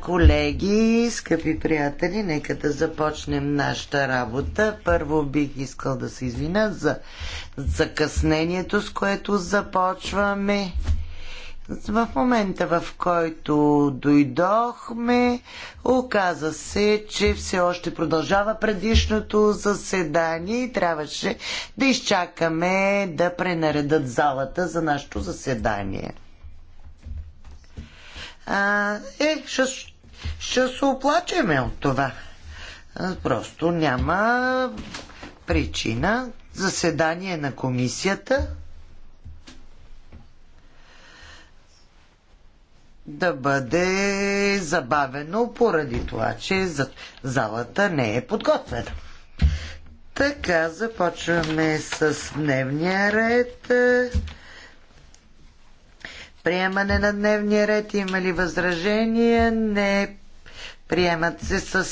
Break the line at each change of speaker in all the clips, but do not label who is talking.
Колеги, скъпи приятели, нека да започнем нашата работа. Първо бих искал да се извиня за закъснението, с което започваме. В момента, в който дойдохме, оказа се, че все още продължава предишното заседание и трябваше да изчакаме да пренаредат залата за нашето заседание а, е, ще, ще се оплачеме от това. Просто няма причина. Заседание на комисията да бъде забавено поради това, че залата не е подготвена. Така, започваме с дневния ред приемане на дневния ред. Има ли възражения? Не. Приемат се с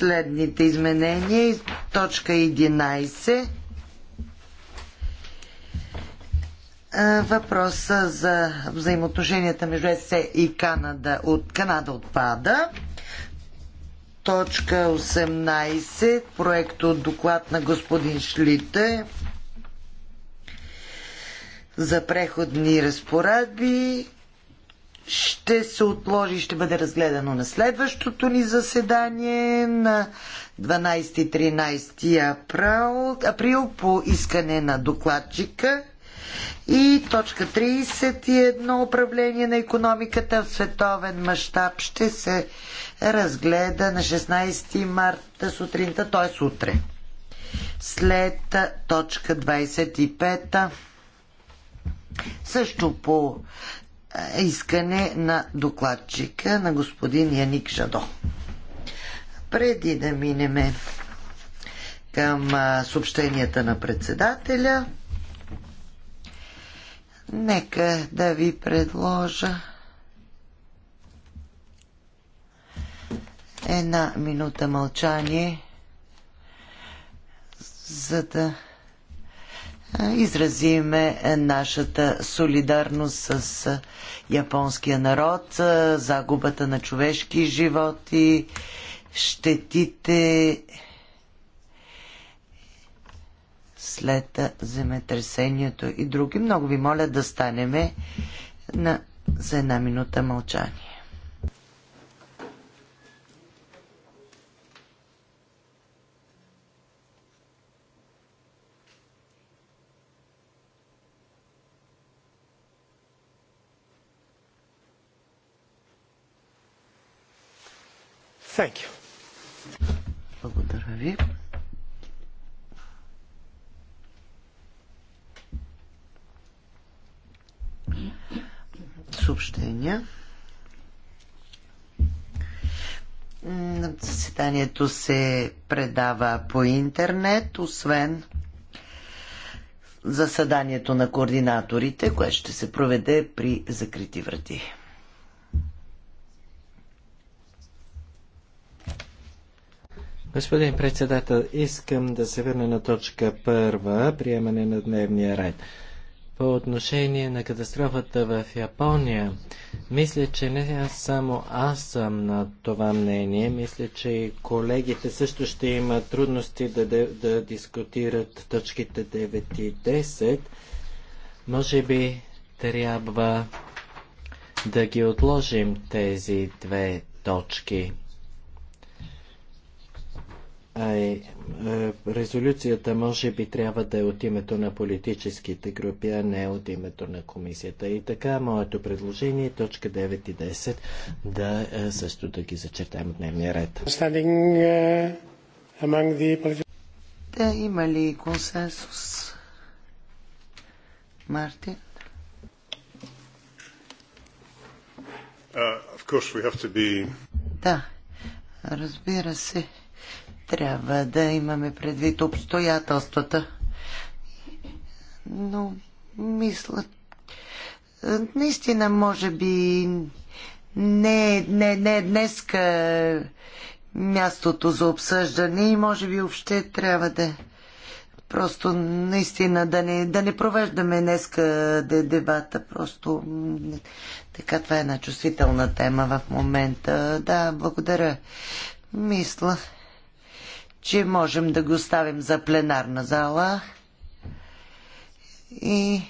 следните изменения. Точка 11. Въпроса за взаимоотношенията между СС и Канада от Канада отпада. Точка 18. проект от доклад на господин Шлите за преходни разпоредби ще се отложи, ще бъде разгледано на следващото ни заседание на 12-13 април, април по искане на докладчика. И точка 31 управление на економиката в световен мащаб ще се разгледа на 16 марта сутринта, т.е. утре. След точка 25 също по е, искане на докладчика на господин Яник Жадо. Преди да минеме към съобщенията на председателя, нека да ви предложа една минута мълчание, за да изразиме е, нашата солидарност с е, японския народ, е, загубата на човешки животи, щетите след земетресението и други. Много ви моля да станеме на, за една минута мълчание.
Thank you. Благодаря ви.
Съобщения. Заседанието се предава по интернет, освен заседанието на координаторите, което ще се проведе при закрити врати.
Господин председател, искам да се върна на точка първа, приемане на дневния ред. По отношение на катастрофата в Япония, мисля, че не само аз съм на това мнение, мисля, че и колегите също ще имат трудности да, да, да дискутират точките 9 и 10. Може би трябва да ги отложим тези две точки. Ай, е, резолюцията може би трябва да е от името на политическите групи, а не от името на комисията. И така, моето предложение е точка 9 и 10 да е, също да ги зачертаем от дневния ред.
Да, е, има ли консенсус? Мартин?
Uh, of course we have to be...
Да, разбира се. Трябва да имаме предвид обстоятелствата. Но мисля, наистина, може би не, не, не днеска мястото за обсъждане и може би въобще трябва да просто наистина да не, да не провеждаме днеска дебата. Просто така това е една чувствителна тема в момента. Да, благодаря. Мисля, че можем да го ставим за пленарна зала и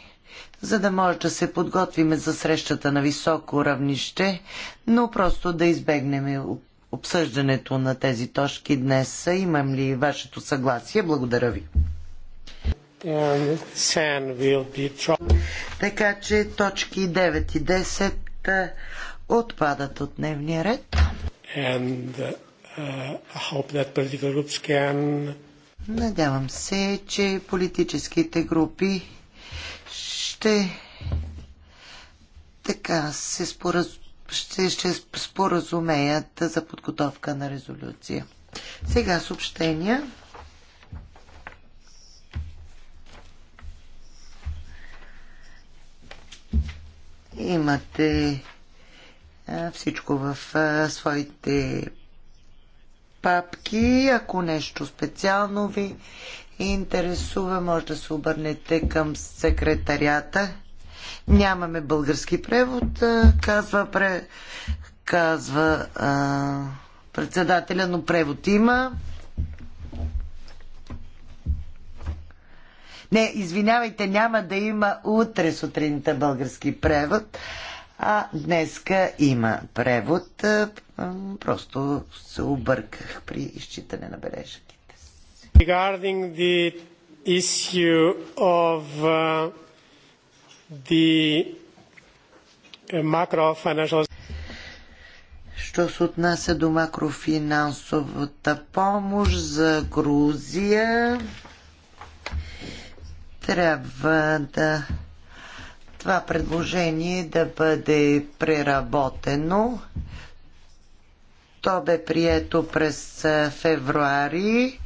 за да може да се подготвим за срещата на високо равнище, но просто да избегнем обсъждането на тези точки днес. Имам ли вашето съгласие? Благодаря ви. Така че точки 9 и 10 отпадат от дневния ред. And uh, Надявам се, че политическите групи ще така се спораз... ще, ще споразумеят за подготовка на резолюция. Сега съобщения. Имате всичко в своите папки. Ако нещо специално ви интересува, може да се обърнете към секретарията. Нямаме български превод, казва, пре, казва а, председателя, но превод има. Не, извинявайте, няма да има утре сутринта български превод. А днеска има превод. Е, просто се обърках при изчитане на бележките.
Regarding the issue of uh,
the е, macro financial Що се отнася до макрофинансовата помощ за Грузия, трябва да това предложение да бъде преработено. То бе прието през февруари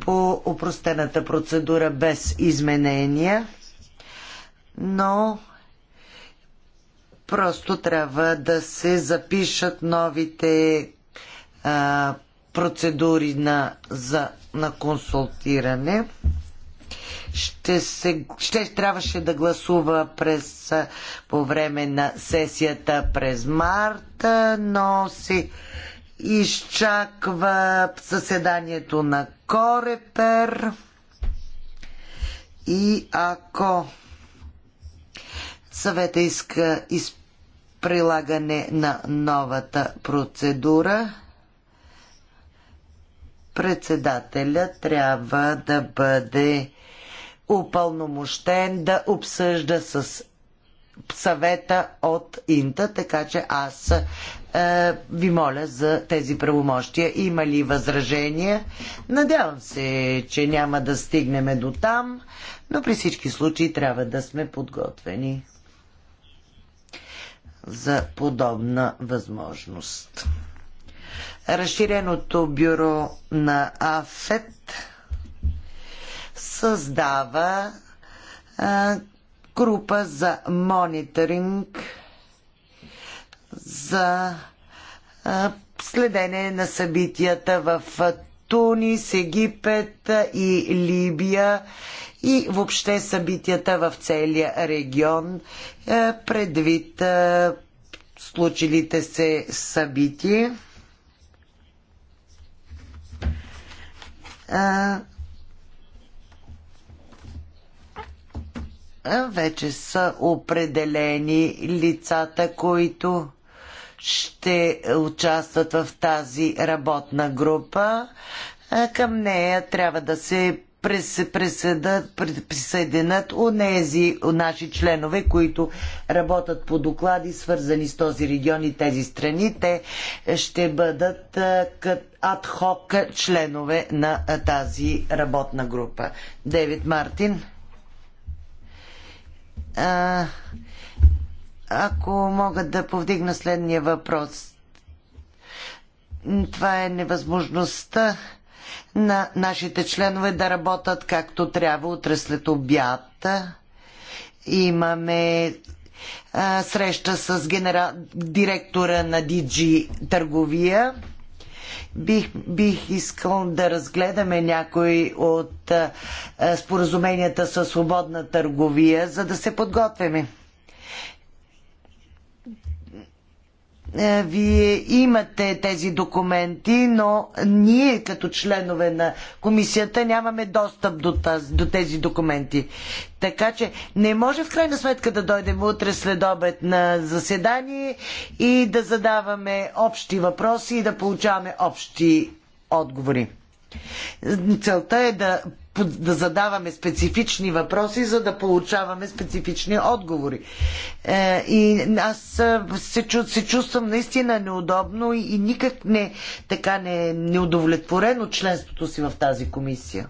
по упростената процедура без изменения, но просто трябва да се запишат новите а, процедури на, за, на консултиране ще, се, ще трябваше да гласува през, по време на сесията през март, но си изчаква съседанието на Корепер и ако съвета иска прилагане на новата процедура, председателя трябва да бъде упълномощен да обсъжда с съвета от Инта, така че аз е, ви моля за тези правомощия. Има ли възражения? Надявам се, че няма да стигнеме до там, но при всички случаи трябва да сме подготвени за подобна възможност. Разширеното бюро на АФЕТ създава група за мониторинг за следене на събитията в Тунис, Египет и Либия и въобще събитията в целия регион предвид случилите се събития. вече са определени лицата, които ще участват в тази работна група. Към нея трябва да се присъединят у нези наши членове, които работят по доклади, свързани с този регион и тези страни. Те ще бъдат адхок членове на тази работна група. Девид Мартин. А, ако мога да повдигна следния въпрос. Това е невъзможността на нашите членове да работят както трябва утре след обяд. Имаме а, среща с генера... директора на Диджи Търговия Бих, бих искал да разгледаме някои от споразуменията със свободна търговия, за да се подготвяме. Е, вие имате тези документи, но ние като членове на комисията нямаме достъп до, тази, до тези документи. Така че не може в крайна сметка да дойдем утре след обед на заседание и да задаваме общи въпроси и да получаваме общи отговори. Целта е да да задаваме специфични въпроси, за да получаваме специфични отговори. Е, и аз е, се, се чувствам наистина неудобно и, и никак не така не, не от членството си в тази комисия.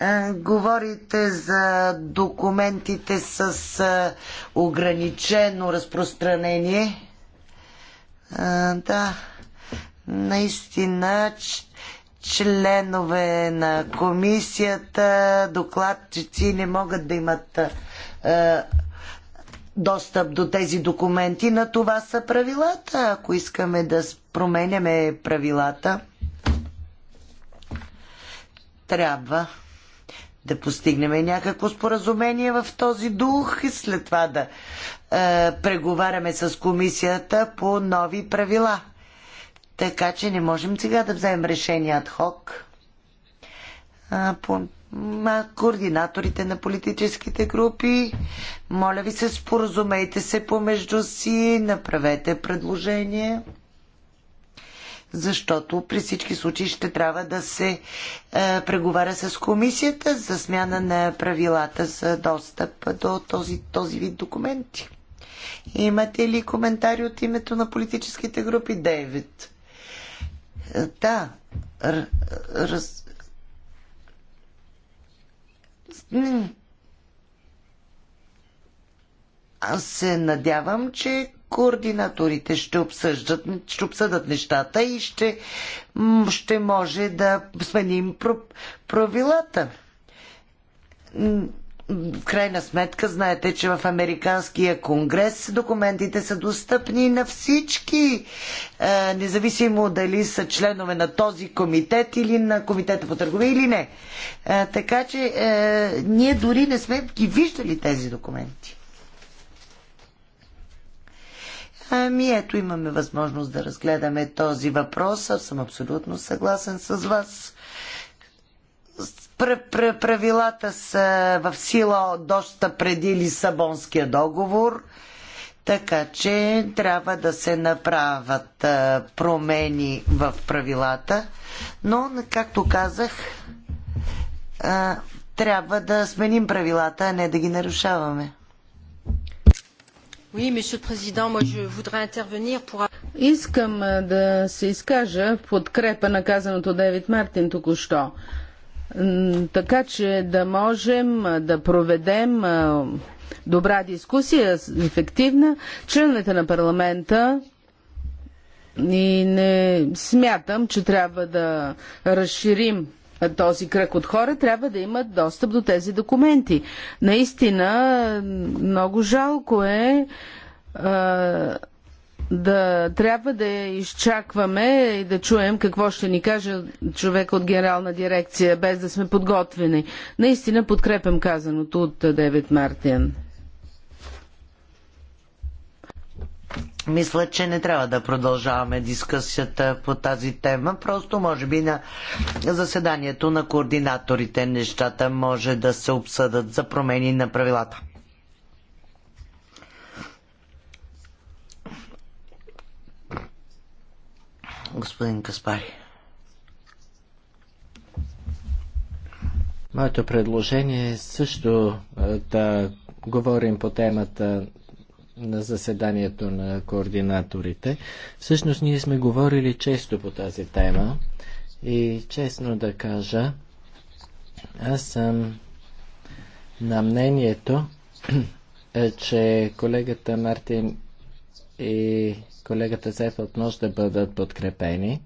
Е, говорите за документите с е, ограничено разпространение. да наистина членове на комисията, докладчици не могат да имат е, достъп до тези документи. На това са правилата. Ако искаме да променяме правилата, трябва да постигнем някакво споразумение в този дух и след това да е, преговаряме с комисията по нови правила. Така че не можем сега да вземем решение ад хок. А, по, а, координаторите на политическите групи, моля ви се, споразумейте се помежду си, направете предложение защото при всички случаи ще трябва да се е, преговаря с комисията за смяна на правилата за достъп до този, този вид документи. Имате ли коментари от името на политическите групи? Девет. Да, раз... Аз се надявам, че координаторите ще обсъждат, ще обсъдат нещата и ще, ще може да сменим правилата в крайна сметка знаете, че в Американския конгрес документите са достъпни на всички, е, независимо дали са членове на този комитет или на комитета по търговия или не. Е, така че е, ние дори не сме ги виждали тези документи. Ами ето имаме възможност да разгледаме този въпрос. Аз съм абсолютно съгласен с вас правилата са в сила доста преди Лисабонския договор, така че трябва да се направят промени в правилата. Но, както казах, трябва да сменим правилата, а не да ги нарушаваме.
Искам да се изкажа в подкрепа на казаното Девид Мартин току-що. Така че да можем да проведем добра дискусия, ефективна, членовете на парламента и не смятам, че трябва да разширим този кръг от хора, трябва да имат достъп до тези документи. Наистина, много жалко е да трябва да изчакваме и да чуем какво ще ни каже човек от генерална дирекция, без да сме подготвени. Наистина подкрепям казаното от Девит Мартин.
Мисля, че не трябва да продължаваме дискусията по тази тема. Просто, може би, на заседанието на координаторите нещата може да се обсъдат за промени на правилата. господин Каспари.
Моето предложение е също да говорим по темата на заседанието на координаторите. Всъщност ние сме говорили често по тази тема и честно да кажа, аз съм на мнението, е, че колегата Мартин и колегата Зефът може да бъдат подкрепени.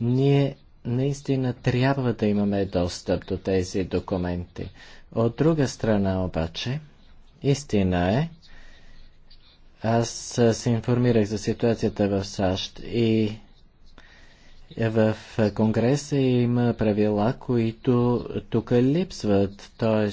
Ние наистина трябва да имаме достъп до тези документи. От друга страна обаче, истина е, аз се информирах за ситуацията в САЩ и в Конгреса има правила, които тук липсват, т.е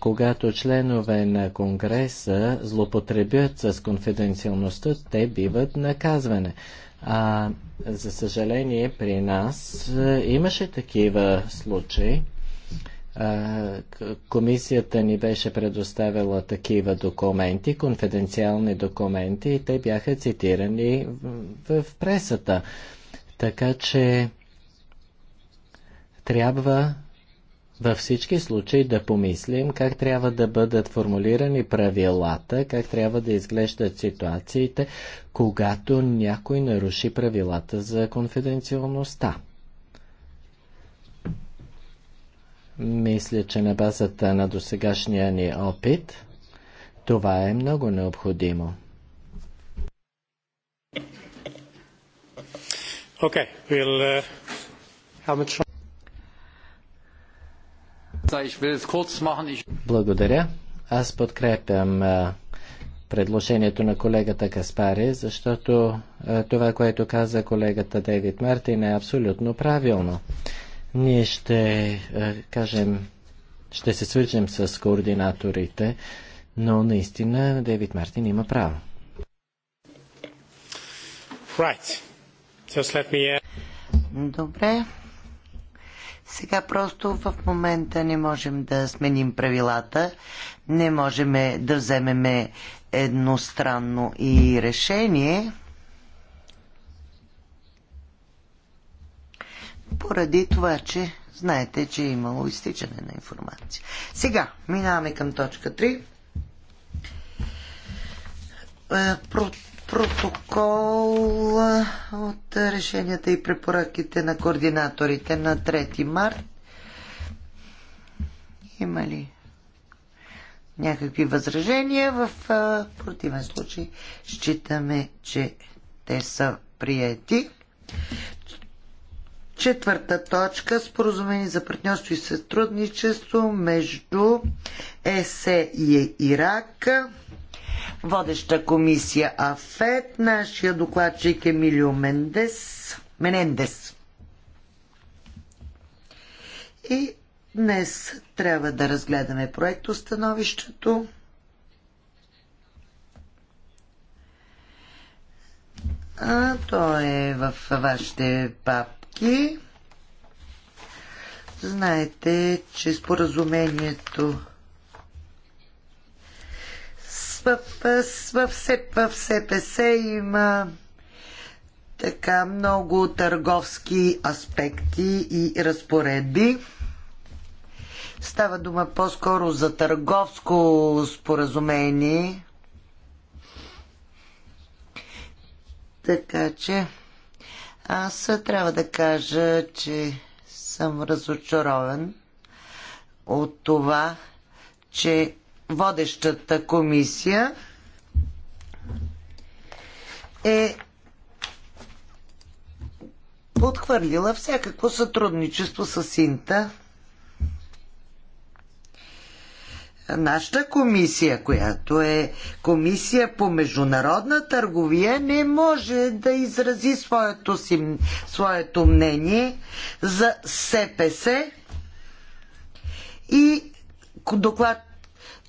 когато членове на Конгреса злоупотребят с конфиденциалността, те биват наказване. А, за съжаление, при нас имаше такива случаи. Комисията ни беше предоставила такива документи, конфиденциални документи, и те бяха цитирани в, в пресата. Така че трябва във всички случаи да помислим как трябва да бъдат формулирани правилата, как трябва да изглеждат ситуациите, когато някой наруши правилата за конфиденциалността. Мисля, че на базата на досегашния ни опит това е много необходимо.
Okay, we'll, uh, how much...
Благодаря. Аз подкрепям предложението на колегата Каспари, защото това, което каза колегата Дейвид Мартин е абсолютно правилно. Ние ще кажем, ще се свържем с координаторите, но наистина Дейвид Мартин има право.
Right. Just let me... Добре, сега просто в момента не можем да сменим правилата, не можем да вземеме едностранно и решение. Поради това, че знаете, че е имало изтичане на информация. Сега, минаваме към точка 3 протокол от решенията и препоръките на координаторите на 3 март. Има ли някакви възражения? В противен случай считаме, че те са приети. Четвърта точка споразумение за партньорство и сътрудничество между ЕСЕ и Ирак Водеща комисия АФЕД. Нашия докладчик Емилио Мендес. Менендес. И днес трябва да разгледаме проектостановището. А, то е в вашите папки. Знаете, че споразумението в, в, в, в СПС има така много търговски аспекти и разпоредби. Става дума по-скоро за търговско споразумение. Така че аз трябва да кажа, че съм разочарован от това, че водещата комисия е подхвърлила всякакво сътрудничество с Инта. Нашата комисия, която е комисия по международна търговия, не може да изрази своето, си, своето мнение за СПС и доклад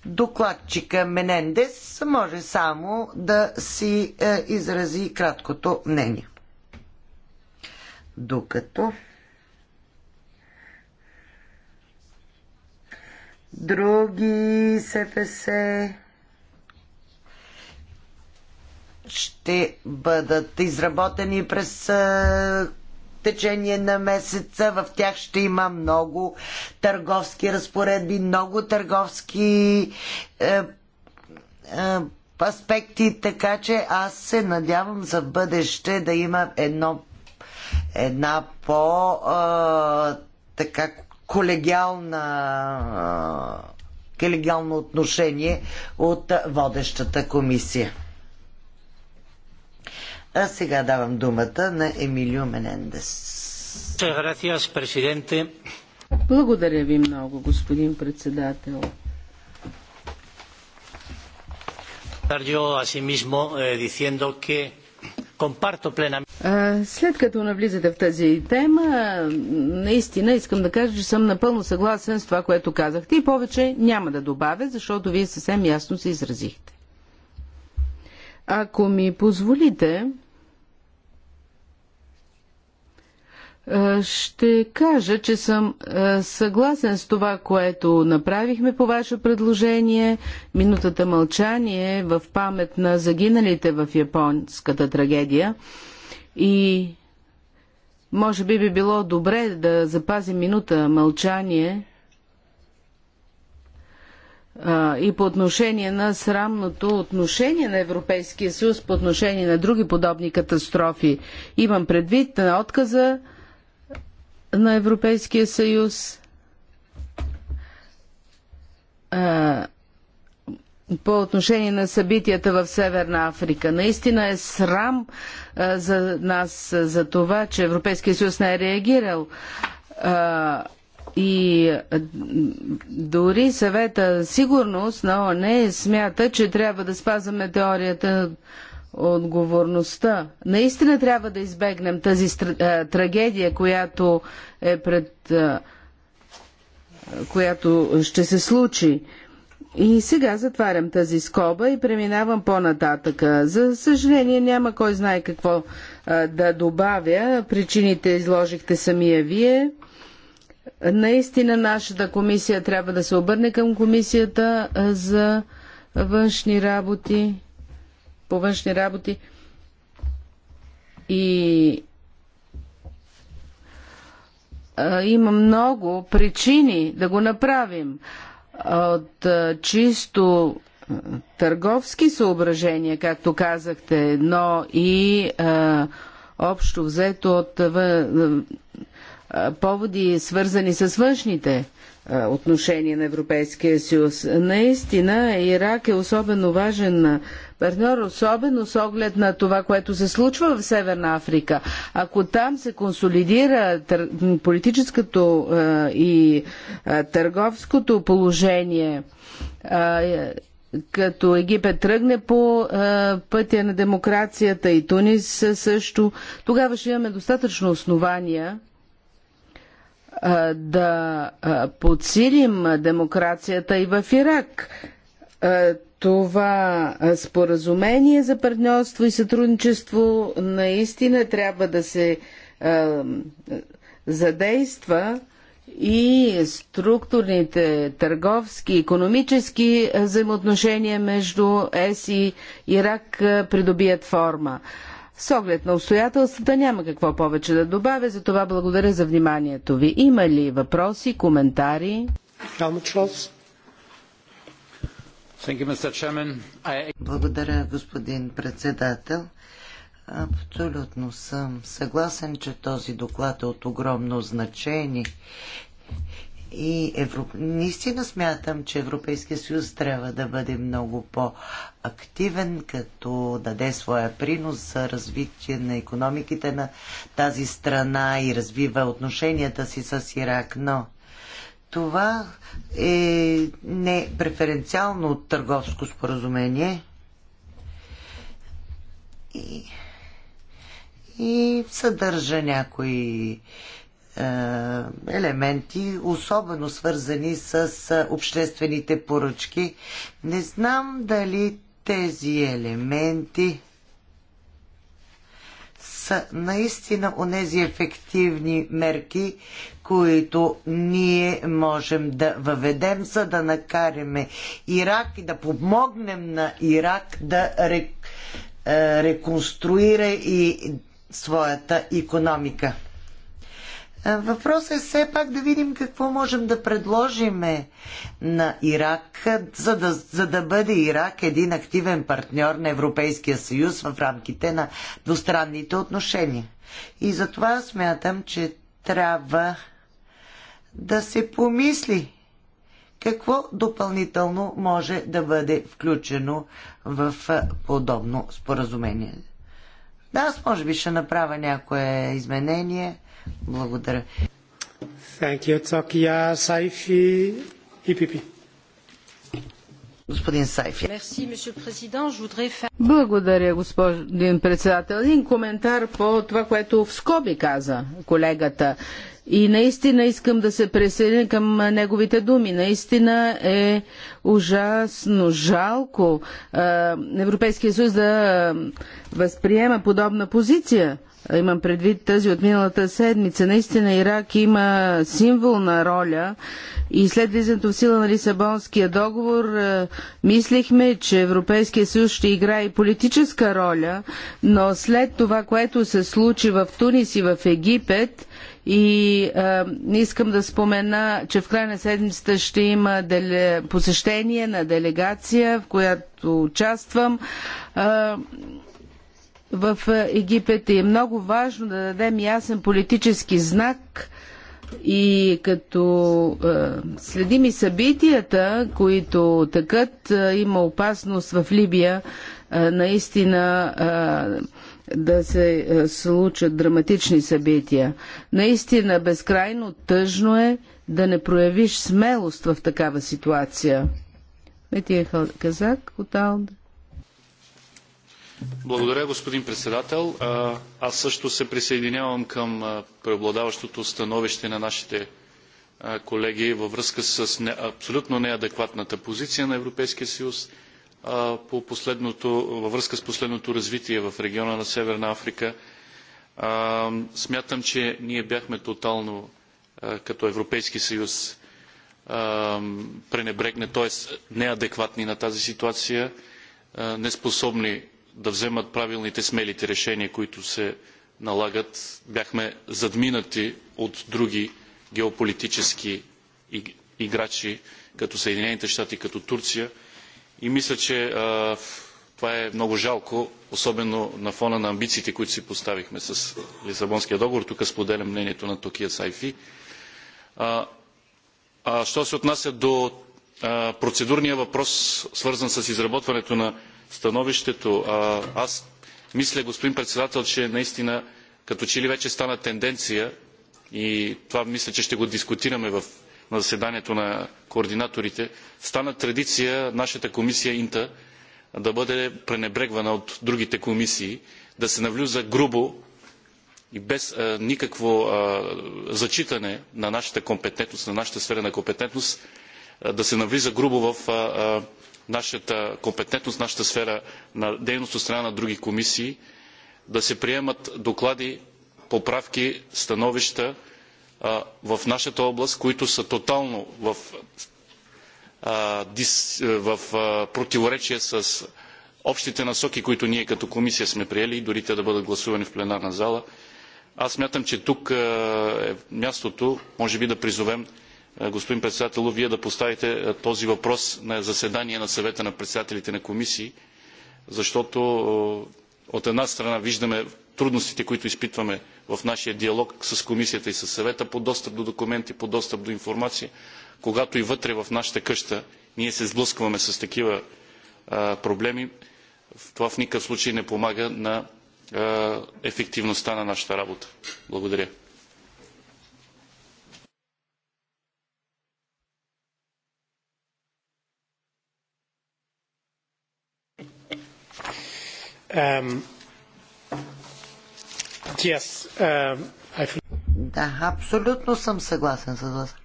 докладчика Менендес може само да си е, изрази краткото мнение. Докато други СФС ще бъдат изработени през е, течение на месеца. В тях ще има много търговски разпоредби, много търговски е, е, аспекти, така че аз се надявам за бъдеще да има едно, една по е, така колегиална е, колегиално отношение от водещата комисия. А сега давам думата на Емилио Менендес.
Благодаря ви много, господин председател. Eh, след като навлизате в тази тема, наистина искам да кажа, че съм напълно съгласен с това, което казахте и повече няма да добавя, защото вие съвсем ясно се изразихте. Ако ми позволите, Е, ще кажа, че съм е, съгласен с това, което направихме по ваше предложение. Минутата мълчание е в памет на загиналите в японската трагедия. И може би би било добре да запазим минута мълчание и по отношение на срамното отношение на Европейския съюз по отношение на други подобни катастрофи. Имам предвид на отказа на Европейския съюз а, по отношение на събитията в Северна Африка. Наистина е срам а, за нас за това, че Европейския съюз не е реагирал. А, и дори съвета сигурност на ОНЕ смята, че трябва да спазваме теорията отговорността. Наистина трябва да избегнем тази трагедия, която е пред която ще се случи. И сега затварям тази скоба и преминавам по-нататъка. За съжаление няма кой знае какво да добавя. Причините изложихте самия вие. Наистина нашата комисия трябва да се обърне към комисията за външни работи по външни работи и а, има много причини да го направим. От а, чисто търговски съображения, както казахте, но и а, общо взето от а, поводи, свързани с външните отношения на Европейския съюз. Наистина Ирак е особено важен партньор, особено с оглед на това, което се случва в Северна Африка. Ако там се консолидира политическото и търговското положение, като Египет тръгне по пътя на демокрацията и Тунис също, тогава ще имаме достатъчно основания да подсилим демокрацията и в Ирак това споразумение за партньорство и сътрудничество наистина трябва да се задейства и структурните търговски, економически взаимоотношения между ЕС и Ирак придобият форма. С оглед на обстоятелствата няма какво повече да добавя, за това благодаря за вниманието ви. Има ли въпроси, коментари?
Благодаря, господин председател. Абсолютно съм съгласен, че този доклад е от огромно значение. И Европ... наистина смятам, че Европейския съюз трябва да бъде много по-активен, като даде своя принос за развитие на економиките на тази страна и развива отношенията си с Ирак. Но това е не преференциално търговско споразумение и, и съдържа някои е, елементи, особено свързани с е, обществените поръчки. Не знам дали тези елементи са наистина онези ефективни мерки, които ние можем да въведем, за да накараме Ирак и да помогнем на Ирак да е, реконструира и своята економика. Е, Въпросът е все пак да видим какво можем да предложим на Ирак, за да, за да бъде Ирак един активен партньор на Европейския съюз в рамките на двустранните отношения. И затова смятам, че трябва да се помисли какво допълнително може да бъде включено в подобно споразумение. Да, аз може би ще направя някое изменение. Благодаря. Thank you, Tokia Saifi, EPP.
Господин Сайфи. Благодаря, господин председател. Един коментар по това, което в скоби каза колегата. И наистина искам да се присъединя към неговите думи. Наистина е ужасно жалко Европейския съюз да възприема подобна позиция. Имам предвид тази от миналата седмица. Наистина Ирак има символна роля и след влизането в сила на Лисабонския договор мислихме, че Европейския съюз ще играе и политическа роля, но след това, което се случи в Тунис и в Египет, и а, искам да спомена, че в края на седмицата ще има деле... посещение на делегация, в която участвам. А, в Египет и е много важно да дадем ясен политически знак и като е, следим и събитията, които тъкат, е, има опасност в Либия е, наистина да се е, случат драматични събития. Наистина, безкрайно тъжно е да не проявиш смелост в такава ситуация. Метия Казак от Алда.
Благодаря, господин председател. Аз също се присъединявам към преобладаващото становище на нашите колеги във връзка с абсолютно неадекватната позиция на Европейския съюз във връзка с последното развитие в региона на Северна Африка. Смятам, че ние бяхме тотално като Европейски съюз пренебрегне, т.е. неадекватни на тази ситуация, неспособни да вземат правилните смелите решения, които се налагат. Бяхме задминати от други геополитически играчи, като Съединените щати, като Турция. И мисля, че това е много жалко, особено на фона на амбициите, които си поставихме с Лисабонския договор. Тук споделям мнението на Токия Сайфи. А, а, що се отнася до а, процедурния въпрос, свързан с изработването на становището, а, аз мисля, господин председател, че наистина като че ли вече стана тенденция и това мисля, че ще го дискутираме в на заседанието на координаторите, стана традиция нашата комисия Инта да бъде пренебрегвана от другите комисии, да се навлюза грубо и без а, никакво а, зачитане на нашата компетентност, на нашата сфера на компетентност, а, да се навлиза грубо в нашата компетентност, нашата сфера на дейност от страна на други комисии, да се приемат доклади, поправки, становища, в нашата област, които са тотално в, в противоречие с общите насоки, които ние като комисия сме приели, дори те да бъдат гласувани в пленарна зала. Аз мятам, че тук е мястото, може би да призовем господин председател, вие да поставите този въпрос на заседание на съвета на председателите на комисии, защото от една страна виждаме трудностите, които изпитваме в нашия диалог с комисията и с съвета по достъп до документи, по достъп до информация, когато и вътре в нашата къща ние се сблъскваме с такива а, проблеми, това в никакъв случай не помага на а, ефективността на нашата работа. Благодаря.
Um, yes, um, I... Да,
абсолютно съм съгласен с вас.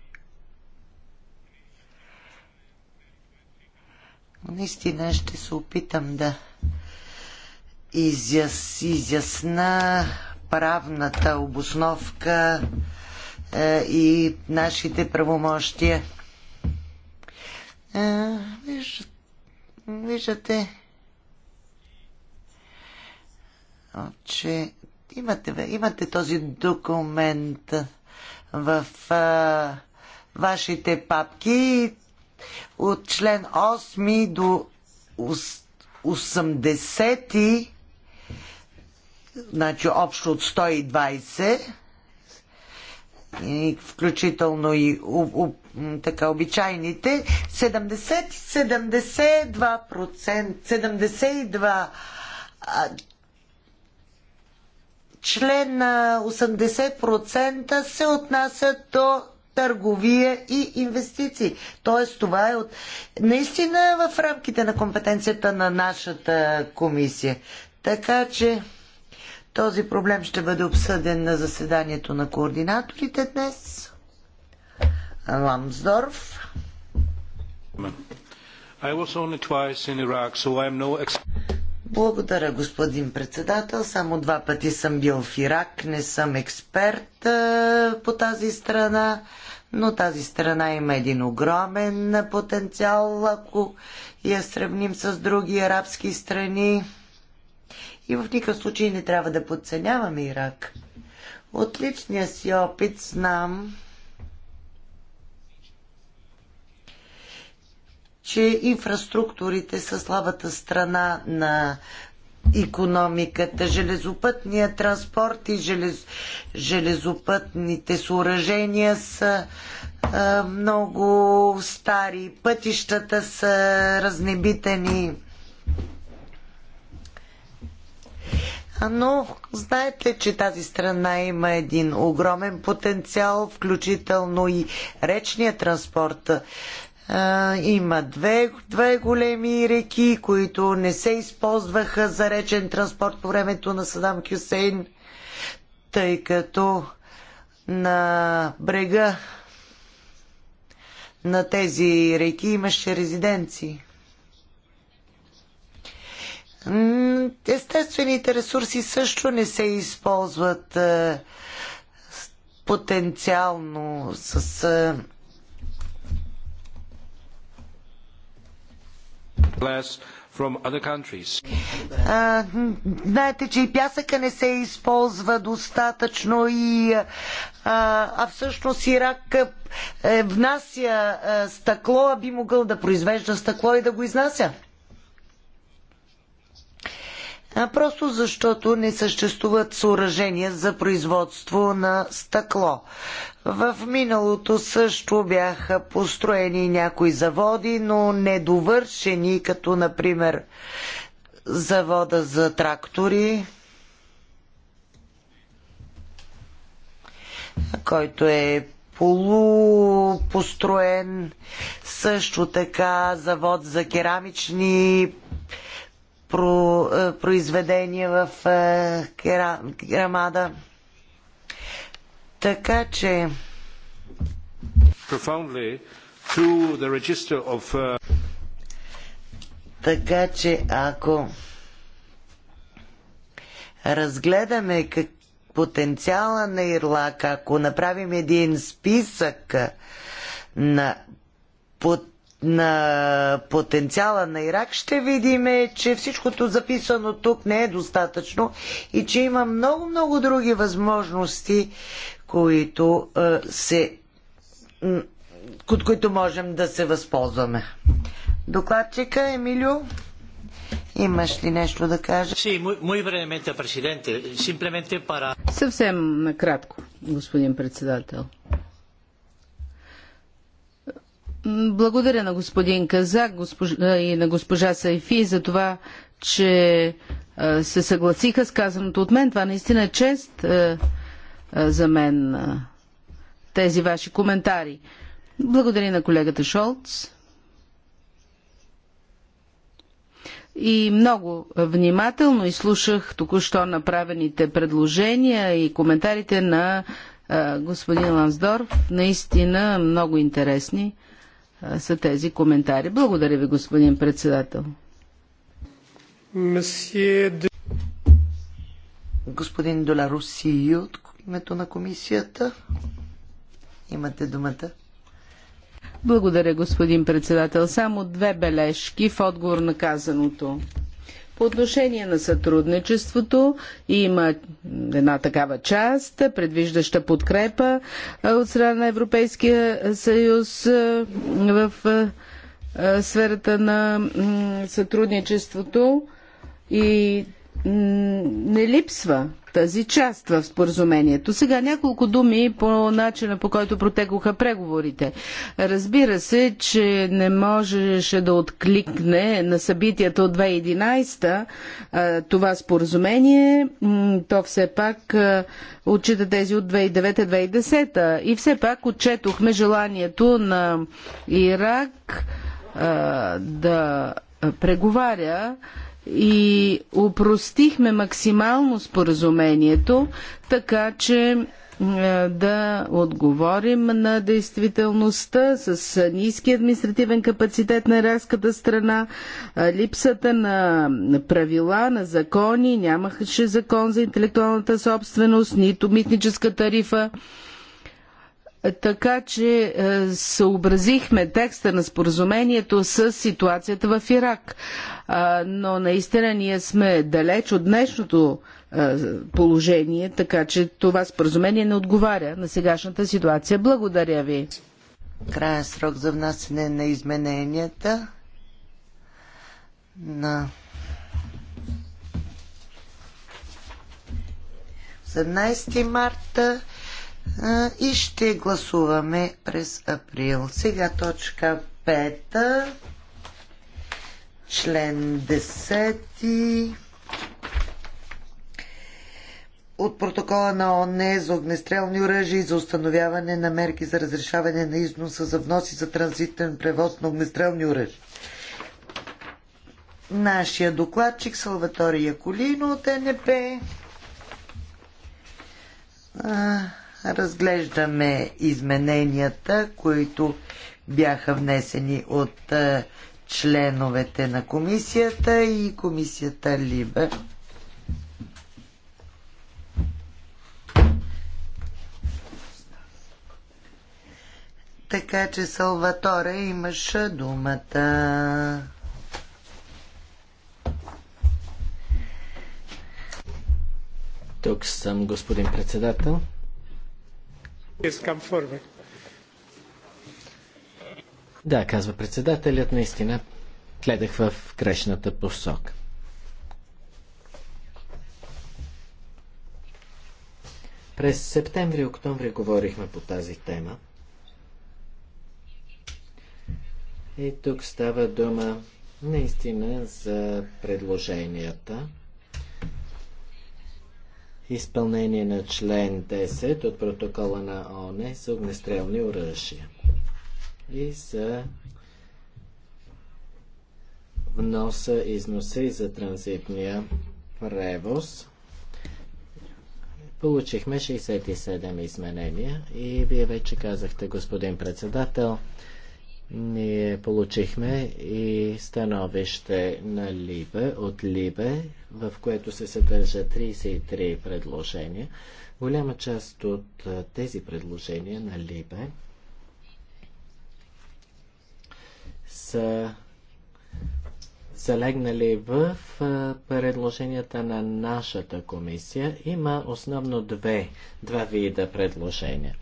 Наистина ще се опитам да изяс, изясна правната обосновка е, и нашите правомощия. Е, виж, виждате, че имате, имате този документ в а, вашите папки от член 8 до 80, значи общо от 120, и включително и у, у, така обичайните, 70, 72%, 72 член 80% се отнася до търговия и инвестиции. Тоест това е от... наистина е в рамките на компетенцията на нашата комисия. Така че този проблем ще бъде обсъден на заседанието на координаторите днес. Ламсдорф.
I was only twice in Iraq, so I am no expert.
Благодаря, господин председател. Само два пъти съм бил в Ирак. Не съм експерт по тази страна, но тази страна има един огромен потенциал, ако я сравним с други арабски страни. И в никакъв случай не трябва да подценяваме Ирак. От личния си опит знам, че инфраструктурите са слабата страна на економиката, железопътния транспорт и желез... железопътните съоръжения са а, много стари, пътищата са разнебитени. Но знаете, че тази страна има един огромен потенциал, включително и речния транспорт има две, две големи реки, които не се използваха за речен транспорт по времето на Садам Хюсейн, тъй като на брега на тези реки имаше резиденции. Естествените ресурси също не се използват потенциално с знаете, че и пясъка не се използва достатъчно и а, а всъщност Ирак е, внася е, стъкло, а би могъл да произвежда стъкло и да го изнася просто защото не съществуват съоръжения за производство на стъкло. В миналото също бяха построени някои заводи, но недовършени, като например завода за трактори, който е полупостроен, също така завод за керамични про, е, произведения в е, кера, Керамада. Така че.
Profoundly through the register Of... Uh,
така че ако разгледаме как потенциала на Ирлак, ако направим един списък на под на потенциала на Ирак, ще видим, че всичкото записано тук не е достатъчно и че има много-много други възможности, които е, се от които можем да се възползваме.
Докладчика Емилио, имаш ли нещо да кажеш?
Sí, muy,
muy para...
Съвсем накратко, господин председател. Благодаря на господин Казак и на госпожа Сайфи за това, че се съгласиха с казаното от мен. Това наистина е чест за мен тези ваши коментари. Благодаря на колегата Шолц. И много внимателно изслушах току-що направените предложения и коментарите на господин Лансдорф. Наистина много интересни са тези коментари. Благодаря ви, господин председател.
Господин Доларуси от
името на комисията. Имате думата. Благодаря, господин председател. Само две бележки в отговор на казаното. По отношение на сътрудничеството има една такава част, предвиждаща подкрепа от страна на Европейския съюз в сферата на сътрудничеството и не липсва тази част в споразумението. Сега няколко думи по начина по който протекоха преговорите. Разбира се, че не можеше да откликне на събитията от 2011 това споразумение. То все пак отчита тези от 2009-2010 и все пак отчетохме желанието на Ирак да преговаря и упростихме максимално споразумението, така че е, да отговорим на действителността с ниски административен капацитет на иракската страна, е, липсата на правила, на закони, нямаше закон за интелектуалната собственост, нито митническа тарифа така че е, съобразихме текста на споразумението с ситуацията в Ирак. Е, но наистина ние сме далеч от днешното е, положение, така че това споразумение не отговаря на сегашната ситуация. Благодаря ви. Крайен срок за внасене на измененията
на 17 марта и ще гласуваме през април. Сега точка 5, член 10 от протокола на ОНЕ за огнестрелни оръжия и за установяване на мерки за разрешаване на износа за внос и за транзитен превоз на огнестрелни оръжия. Нашия докладчик Салватория Колино от НП. А, разглеждаме измененията, които бяха внесени от членовете на комисията и комисията Либе. Така че, Салватора имаш думата.
Тук съм, господин председател. Да, казва председателят, наистина гледах в грешната посока. През септември и октомври говорихме по тази тема. И тук става дума наистина за предложенията, изпълнение на член 10 от протокола на ОНЕ за огнестрелни оръжия и за вноса, износа и за транзитния превоз. Получихме 67 изменения и вие вече казахте, господин председател, ние получихме и становище на Либе, от Либе, в което се съдържа 33 предложения. Голяма част от тези предложения на Либе са залегнали в предложенията на нашата комисия. Има основно две, два вида предложения.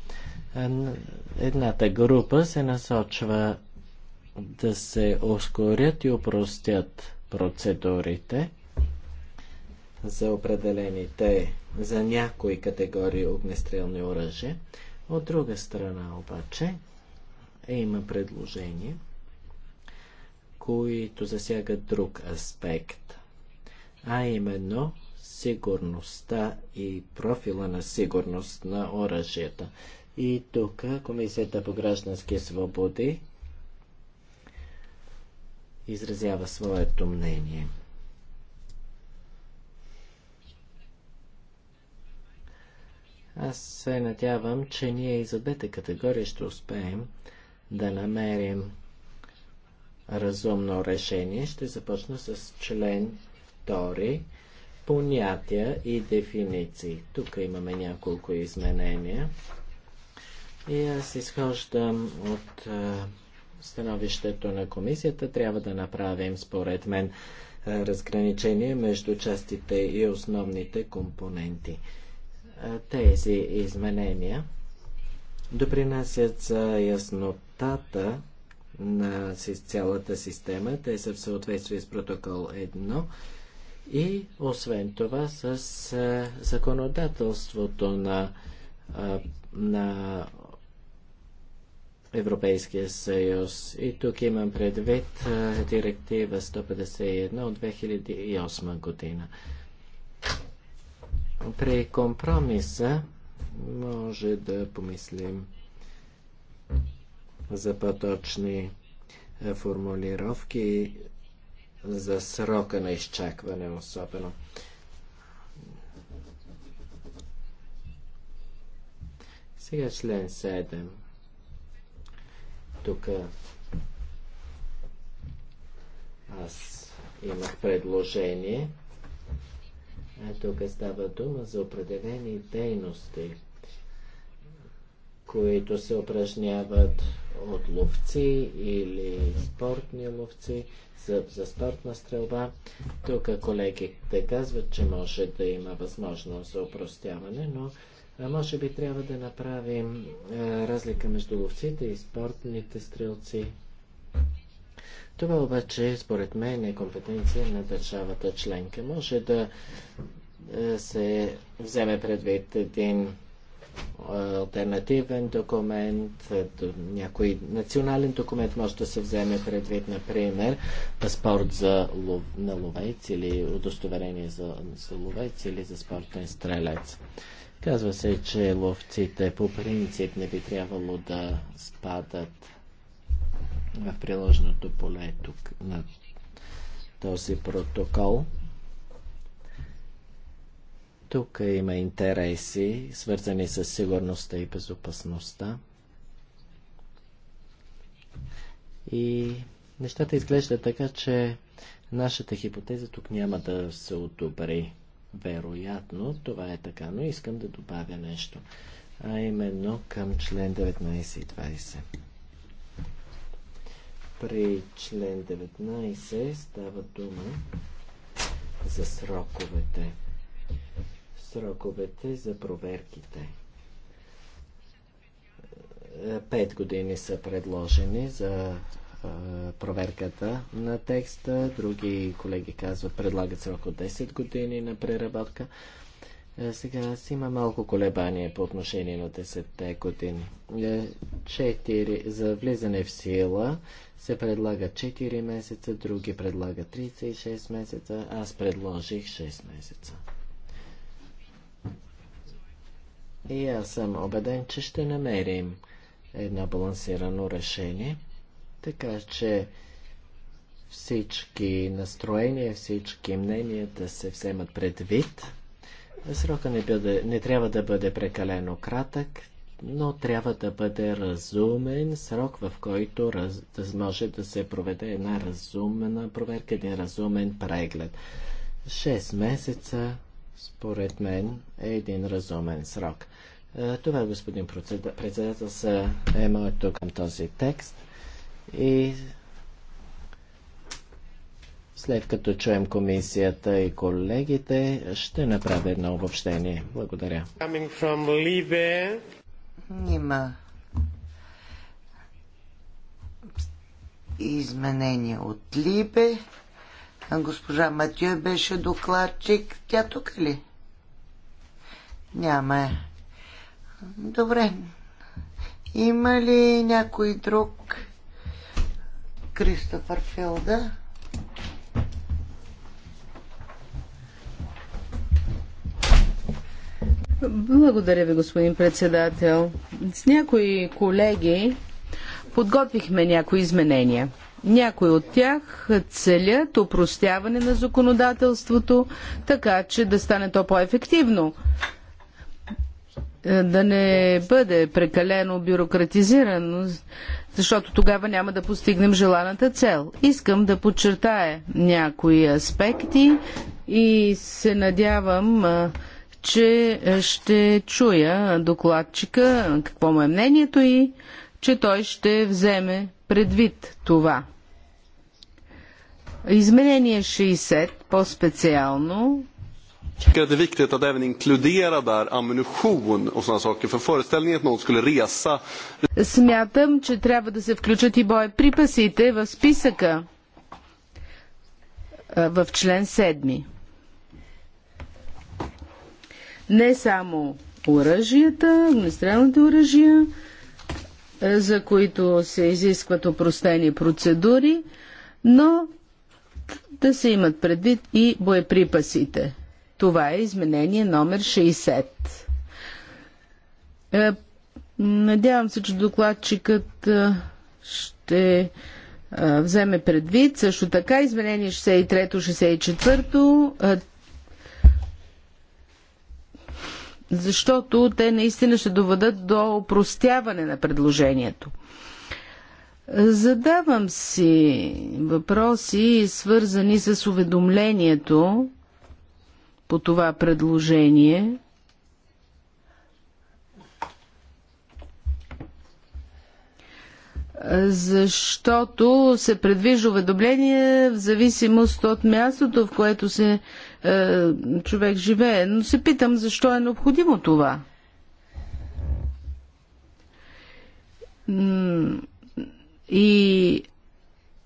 Едната група се насочва да се ускорят и упростят процедурите за определените, за някои категории огнестрелни оръжия. От друга страна обаче има предложения, които засягат друг аспект, а именно сигурността и профила на сигурност на оръжията. И тук Комисията по граждански свободи изразява своето мнение. Аз се надявам, че ние и за двете категории ще успеем да намерим разумно решение. Ще започна с член 2 понятия и дефиниции. Тук имаме няколко изменения. И аз изхождам от е, становището на комисията. Трябва да направим, според мен, е, разграничение между частите и основните компоненти. Е, тези изменения допринасят за яснотата на цялата система. Те са в съответствие с протокол 1 и освен това с законодателството на, на Европейския съюз. И тук имам предвид директива 151 от 2008 година. При компромиса може да помислим за поточни формулировки за срока на изчакване особено. Сега член 7. Тук аз имах предложение. А тук става дума за определени дейности, които се упражняват от ловци или спортни ловци за, за спортна стрелба. Тук колегите казват, че може да има възможност за упростяване, но може би трябва да направим е, разлика между ловците и спортните стрелци. Това обаче, според мен, е компетенция на държавата членка. Може да е, се вземе предвид един е, альтернативен документ, някой национален документ може да се вземе предвид, например, паспорт за лов, на ловец или удостоверение за, за ловец или за спортен стрелец. Казва се, че ловците по принцип не би трябвало да спадат в приложното поле тук на този протокол. Тук има интереси, свързани с сигурността и безопасността. И нещата изглеждат така, че нашата хипотеза тук няма да се одобри. Вероятно това е така, но искам да добавя нещо, а именно към член 19 и 20. При член 19 става дума за сроковете. Сроковете за проверките. Е, пет години са предложени за проверката на текста. Други колеги казват, предлагат срок от 10 години на преработка. Сега си има малко колебание по отношение на 10-те години. 4, е, за влизане в сила се предлага 4 месеца, други предлага 36 месеца, аз предложих 6 месеца. И аз съм убеден, че ще намерим едно балансирано решение така че всички настроения, всички мнения да се вземат предвид. Срока не, бъде, не трябва да бъде прекалено кратък, но трябва да бъде разумен срок, в който раз, да може да се проведе една разумна проверка, един разумен преглед. 6 месеца, според мен, е един разумен срок. Е, това, господин председател, е моето към този текст. И след като чуем комисията и колегите, ще направя едно обобщение. Благодаря.
Има изменения от Либе. Госпожа Матю беше докладчик. Тя тук е ли? Няма. Е. Добре. Има ли някой друг? Кристофър
Филда. Благодаря ви, господин председател. С някои колеги подготвихме някои изменения. Някои от тях целят упростяване на законодателството, така че да стане то по-ефективно е, да не бъде прекалено бюрократизиран, защото тогава няма да постигнем желаната цел. Искам да подчертая някои аспекти и се надявам, е, че е, ще чуя докладчика какво му е мнението и че той ще вземе предвид това. Изменение 60 по-специално
tycker att Det är viktigt att även inkludera där ammunition och sådana saker, för föreställningen att någon skulle resa...
Смятам, че трябва да се включат и боеприпасите в списъка в член 7. Не само оръжията, огнестрелните оръжия, за които се изискват опростени процедури, но да се имат предвид и боеприпасите. Това е изменение номер 60. Е, надявам се, че докладчикът е, ще е, вземе предвид. Също така изменение 63-64, защото те наистина ще доведат до опростяване на предложението. Задавам си въпроси, свързани с уведомлението по това предложение. Защото се предвижда уведомление в зависимост от мястото, в което се е, човек живее. Но се питам защо е необходимо това. И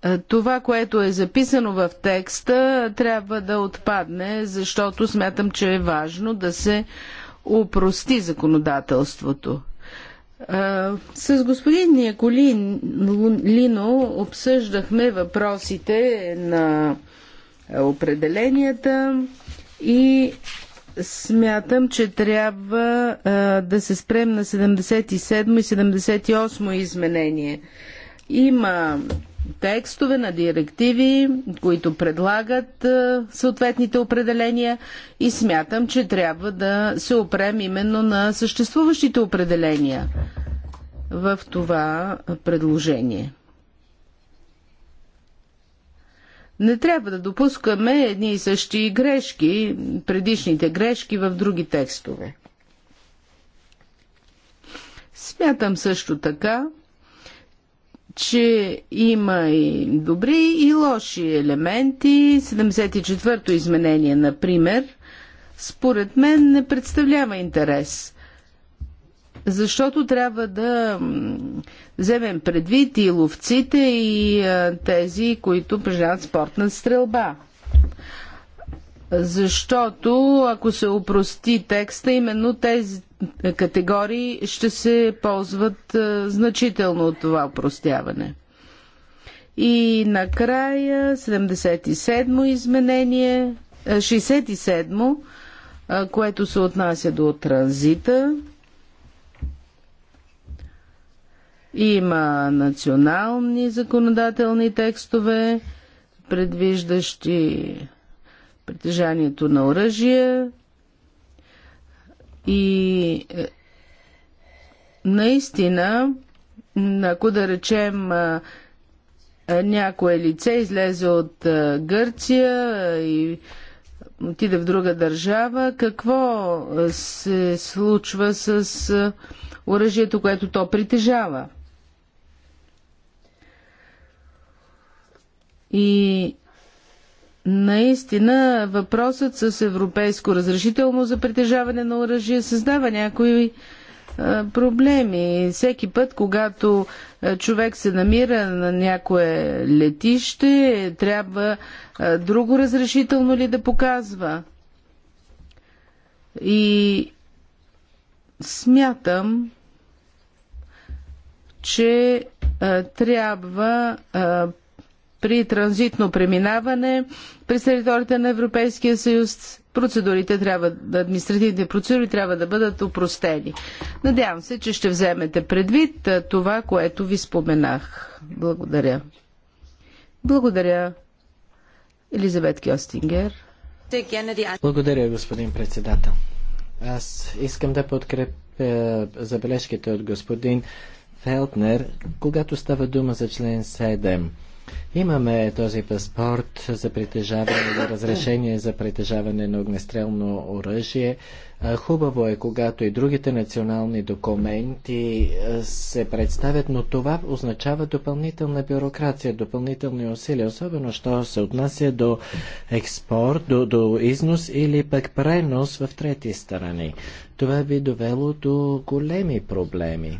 е, това, което е записано в текста, трябва да отпадне, защото смятам, че е важно да се упрости законодателството. Е, с господин Николин Лино обсъждахме въпросите на е, определенията и смятам, че трябва да се спрем на 77 и 78 изменение. Има текстове, на директиви, които предлагат е, съответните определения и смятам, че трябва да се опрем именно на съществуващите определения в това предложение. Не трябва да допускаме едни и същи грешки, предишните грешки в други текстове. Смятам също така, че има и добри и лоши елементи. 74-то изменение, например, според мен не представлява интерес. Защото трябва да вземем предвид и ловците, и тези, които упражняват спортна стрелба. Защото ако се опрости текста, именно тези категории ще се ползват е, значително от това опростяване. И накрая 77-мо изменение, 67-мо, е, е, което се отнася до транзита. Има национални законодателни текстове, предвиждащи притежанието на оръжие и е, наистина, ако да речем е, някое лице излезе от е, Гърция и отиде в друга държава, какво се случва с оръжието, което то притежава? И Наистина въпросът с европейско разрешително за притежаване на оръжие създава някои проблеми. Всеки път, когато човек се намира на някое летище, трябва друго разрешително ли да показва. И смятам, че трябва при транзитно преминаване през територията на Европейския съюз процедурите трябва, административните процедури трябва да бъдат упростени. Надявам се, че ще вземете предвид това, което ви споменах. Благодаря. Благодаря. Елизабет Кьостингер. Благодаря, господин
председател. Аз искам да подкрепя забележките от господин Фелтнер, когато става дума за член 7. Имаме този паспорт за притежаване на разрешение за притежаване на огнестрелно оръжие. Хубаво е, когато и другите национални документи се представят, но това означава допълнителна бюрокрация, допълнителни усилия, особено що се отнася до експорт, до, до износ или пък пренос в трети страни. Това би довело до големи проблеми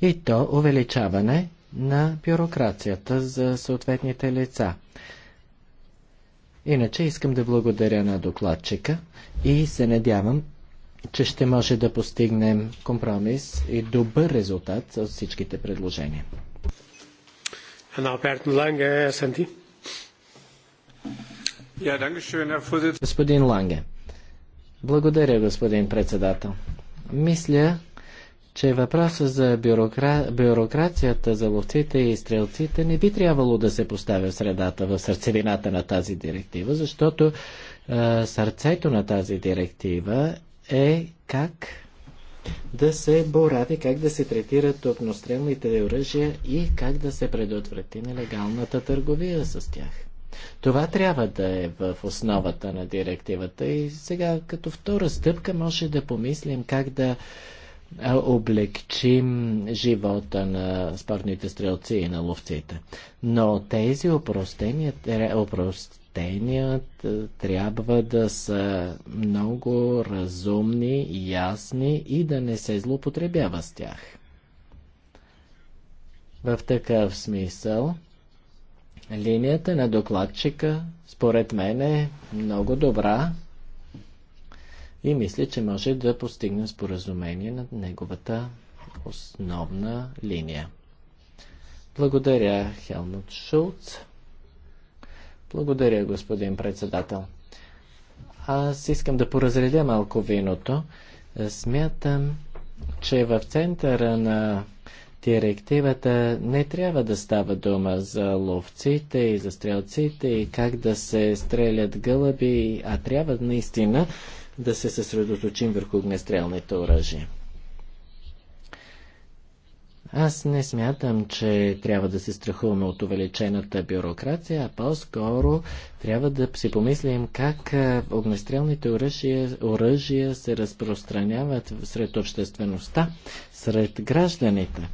и то увеличаване на бюрокрацията за съответните лица. Иначе искам да благодаря на докладчика и се надявам, че ще може да постигнем компромис и добър резултат от всичките предложения. Господин Ланге, благодаря, господин председател. Мисля, че въпросът за бюрокра... бюрокрацията за ловците и стрелците не би трябвало да се поставя в средата, в сърцевината на тази директива, защото е, сърцето на тази директива е как да се борави, как да се третират огнострелните оръжия и как да се предотврати нелегалната търговия с тях. Това трябва да е в основата на директивата и сега като втора стъпка може да помислим как да облегчим живота на спортните стрелци и на ловците. Но тези упростения, упростения трябва да са много разумни, ясни и да не се злоупотребява с тях. В такъв смисъл, линията на докладчика, според мен, е много добра и мисля, че може да постигне споразумение на неговата основна линия. Благодаря, Хелмут Шулц. Благодаря, господин председател. Аз искам да поразредя малко виното. Смятам, че в центъра на директивата не трябва да става дума за ловците и за стрелците и как да се стрелят гълъби, а трябва наистина да се съсредоточим върху огнестрелните оръжия. Аз не смятам, че трябва да се страхуваме от увеличената бюрокрация, а по-скоро трябва да си помислим как огнестрелните оръжия, оръжия се разпространяват сред обществеността, сред гражданите.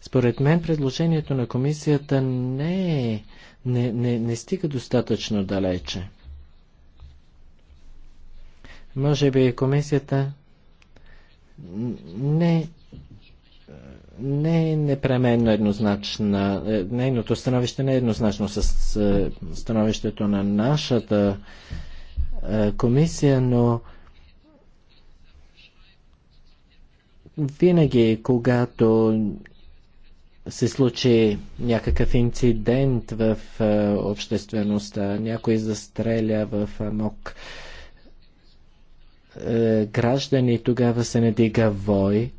Според мен предложението на комисията не, е, не, не, не стига достатъчно далече. Може би комисията не, не е непременно еднозначна. Е, нейното становище не е еднозначно с е, становището на нашата е, комисия, но винаги, когато се случи някакъв инцидент в обществеността, някой застреля в амок, е, граждани тогава се надига вой.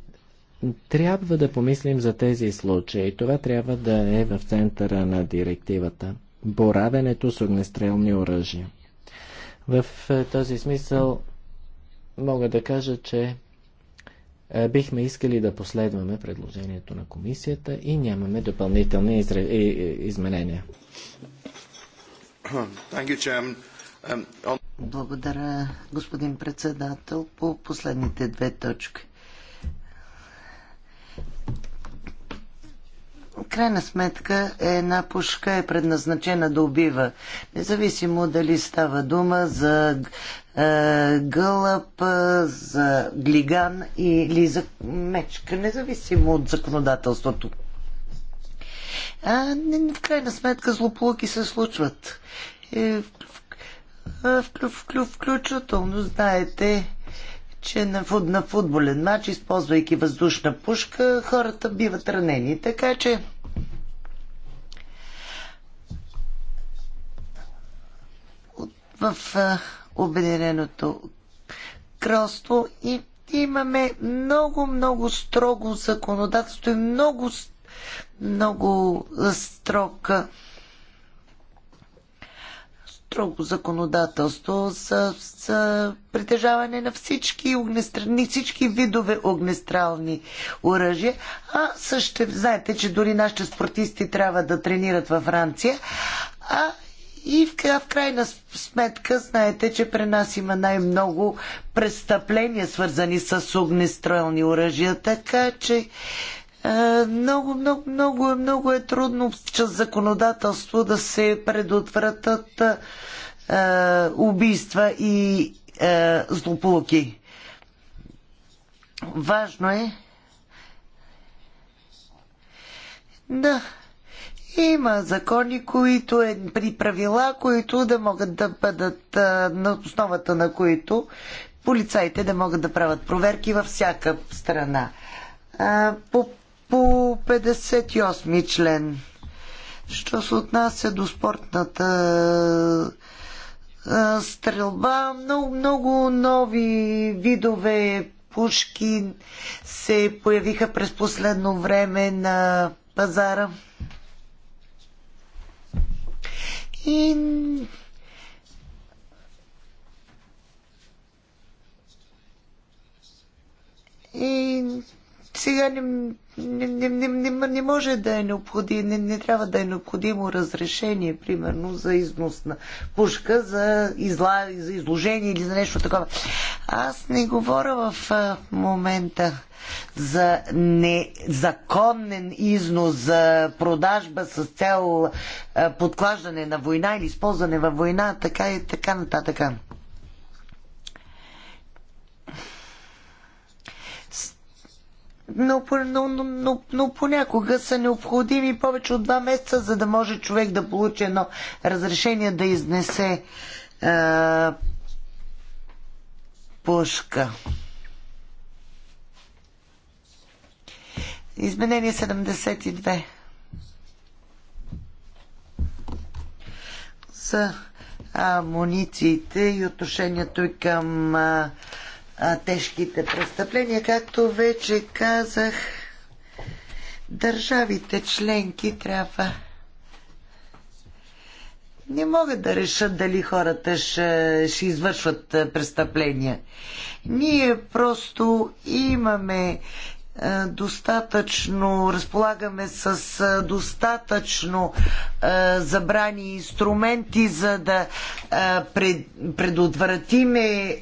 Трябва да помислим за тези случаи. Това трябва да е в центъра на директивата. Боравенето с огнестрелни оръжия. В е, този смисъл мога да кажа, че е, бихме искали да последваме предложението на комисията и нямаме допълнителни изр... изменения.
Благодаря, господин председател, по последните две точки. крайна сметка една пушка е предназначена да убива. Независимо дали става дума за е, гълъб, е, за глиган или за мечка, независимо от законодателството. А, в крайна сметка злополуки се случват. Е, включително знаете, че на, фут, на футболен матч, използвайки въздушна пушка, хората биват ранени. Така че в Обединеното кралство и имаме много, много строго законодателство и много, много строг строго законодателство за, за притежаване на всички, огнестрани, всички видове огнестрални оръжия. А също, знаете, че дори нашите спортисти трябва да тренират във Франция. А и в, в крайна сметка, знаете, че при нас има най-много престъпления, свързани с огнестрелни оръжия. Така че е, много, много, много, много е трудно чрез законодателство да се предотвратат е, убийства и е, злополуки. Важно е да има закони, които е при правила, които да могат да бъдат е, на основата на които полицаите да могат да правят проверки във всяка страна. Е, по по 58 член, що се отнася до спортната стрелба, много, много нови видове пушки се появиха през последно време на пазара. И И сега не, не, не, не, не, не може да е необходимо, не, не трябва да е необходимо разрешение, примерно, за износ на пушка, за, изла, за изложение или за нещо такова. Аз не говоря в а, момента за незаконен износ, за продажба с цел а, подклаждане на война или използване във война, така и така нататък. но, но, но, но понякога са необходими повече от два месеца, за да може човек да получи едно разрешение да изнесе а, е, пушка. Изменение 72. За а, амунициите и отношението и към а, е, а, тежките престъпления. Както вече казах, държавите членки трябва не могат да решат дали хората ще, ще извършват престъпления. Ние просто имаме е, достатъчно, разполагаме с е, достатъчно е, забрани инструменти, за да предотвратиме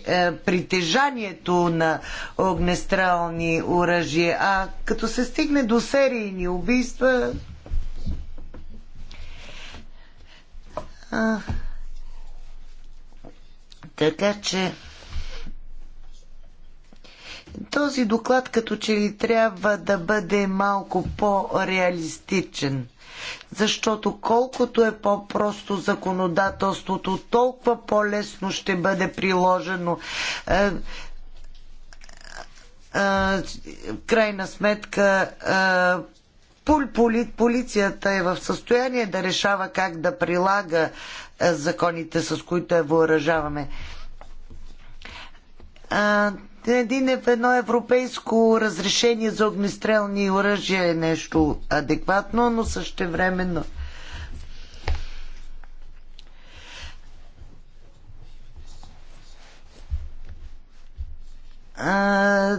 притежанието на огнестрални оръжия. А като се стигне до серийни убийства. така че. Този доклад като че ли трябва да бъде малко по-реалистичен, защото колкото е по-просто законодателството, толкова по-лесно ще бъде приложено. В е, е, крайна сметка е, полицията е в състояние да решава как да прилага законите, с които я въоръжаваме един, е едно европейско разрешение за огнестрелни оръжия е нещо адекватно, но същевременно а,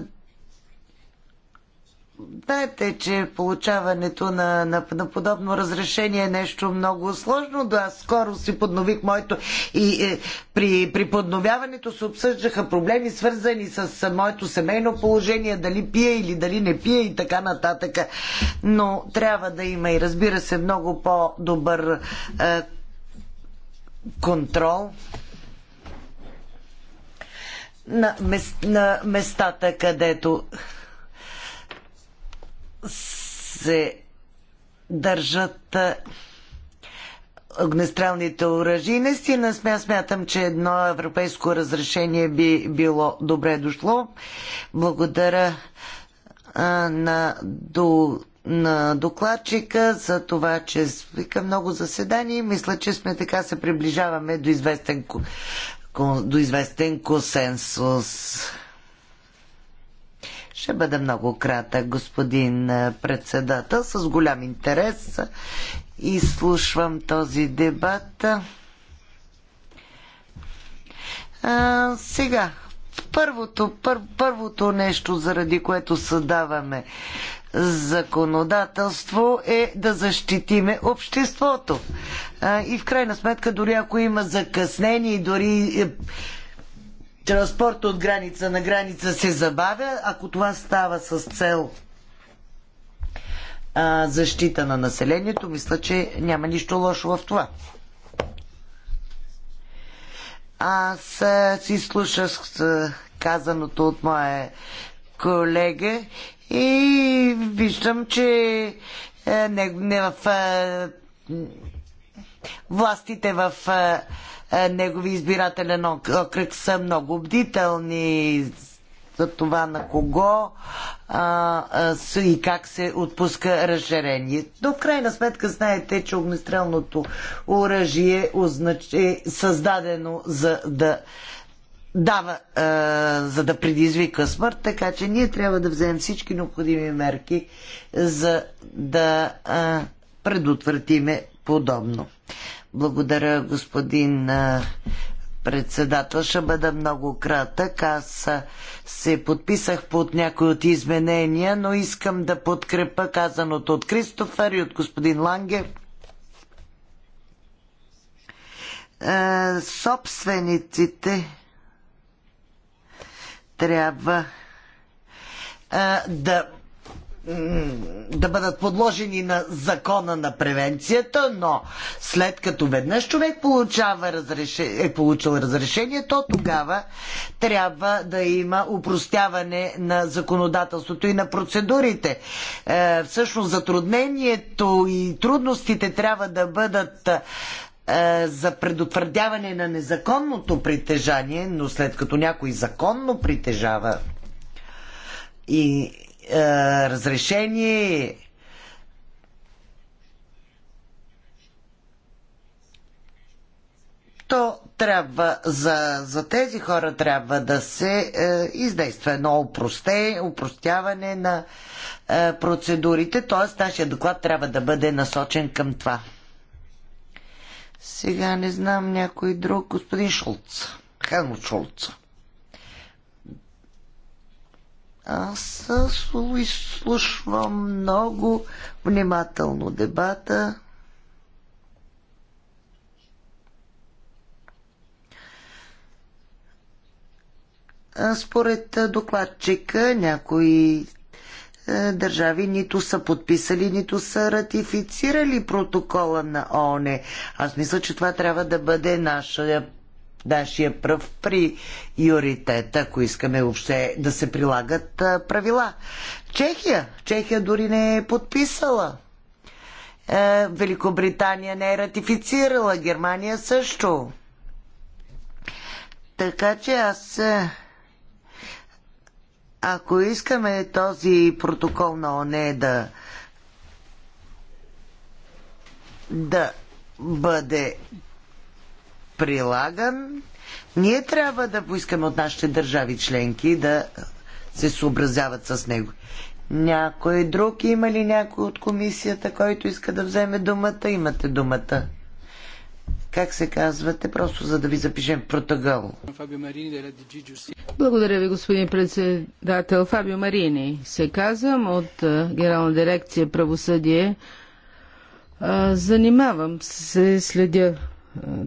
Знаете, че получаването на, на, на подобно разрешение е нещо много сложно. Да, аз скоро си поднових моето и е, при, при подновяването се обсъждаха проблеми, свързани с моето семейно положение, дали пия или дали не пия и така нататък. Но трябва да има и разбира се много по-добър е, контрол на, мес, на местата, където се държат огнестрелните оръжи. Наистина смятам, че едно европейско разрешение би било добре дошло. Благодаря а, на, до, на докладчика за това, че свика много заседания. Мисля, че сме така се приближаваме до известен, до известен консенсус. Ще бъда много кратък, господин председател. С голям интерес изслушвам този дебат. А, сега, първото, пър, първото нещо, заради което създаваме законодателство е да защитиме обществото. А, и в крайна сметка, дори ако има закъснение, дори е, транспорт от граница на граница се забавя, ако това става с цел а, защита на населението, мисля, че няма нищо лошо в това. Аз си слушах казаното от моя колега и виждам, че не, не в властите в е, негови избирателен окръг са много бдителни за това на кого а, а, и как се отпуска разжарение. Но в крайна сметка знаете, че огнестрелното оръжие е създадено за да дава, а, за да предизвика смърт, така че ние трябва да вземем всички необходими мерки, за да а, предотвратиме подобно. Благодаря, господин председател. Ще бъда много кратък. Аз се подписах под някои от изменения, но искам да подкрепа казаното от Кристофър и от господин Ланге. собствениците трябва да да бъдат подложени на закона на превенцията, но след като веднъж човек получава разреше, е получил разрешение, то тогава трябва да има упростяване на законодателството и на процедурите. Е, всъщност затруднението и трудностите трябва да бъдат е, за предотвърдяване на незаконното притежание, но след като някой законно притежава и е, разрешение. То трябва за, за тези хора трябва да се е, издейства едно упросте, упростяване на е, процедурите, т.е. нашия доклад трябва да бъде насочен към това. Сега не знам някой друг, господин Шулц. Хелмут Шулц. Аз изслушвам много внимателно дебата. Според докладчика някои държави нито са подписали, нито са ратифицирали протокола на ООН. Аз мисля, че това трябва да бъде наша нашия пръв при юритет, ако искаме въобще да се прилагат правила. Чехия. Чехия дори не е подписала. Е, Великобритания не е ратифицирала. Германия също. Така че аз. Е, ако искаме този протокол на ОНЕ да да бъде прилаган, ние трябва да поискаме от нашите държави членки да се съобразяват с него. Някой друг има ли някой от комисията, който иска да вземе думата? Имате думата. Как се казвате, просто за да ви запишем
протокол. Благодаря ви, господин председател. Фабио Марини се казвам от Генерална дирекция правосъдие. Занимавам се, следя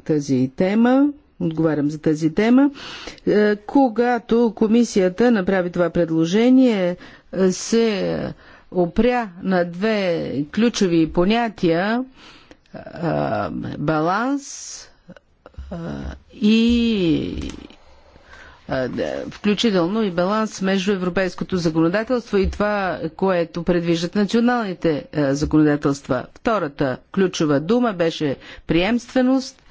тази тема, отговарям за тази тема. Е, когато комисията направи това предложение, е, се опря на две ключови понятия е, баланс и включително и баланс между европейското законодателство и това, което предвиждат националните законодателства. Втората ключова дума беше приемственост.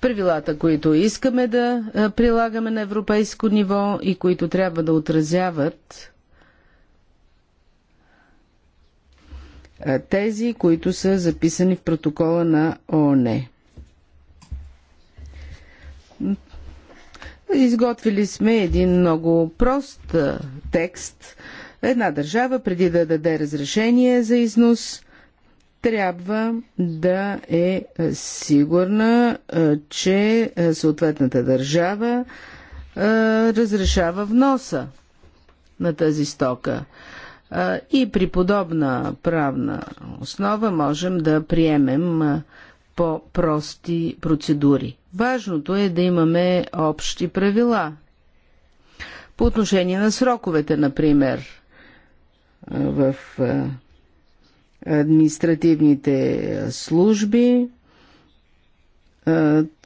Правилата, които искаме да прилагаме на европейско ниво и които трябва да отразяват тези, които са записани в протокола на ООН. Изготвили сме един много прост текст. Една държава, преди да даде разрешение за износ, трябва да е сигурна, че съответната държава разрешава вноса на тази стока. И при подобна правна основа можем да приемем по-прости процедури. Важното е да имаме общи правила. По отношение на сроковете, например, в административните служби,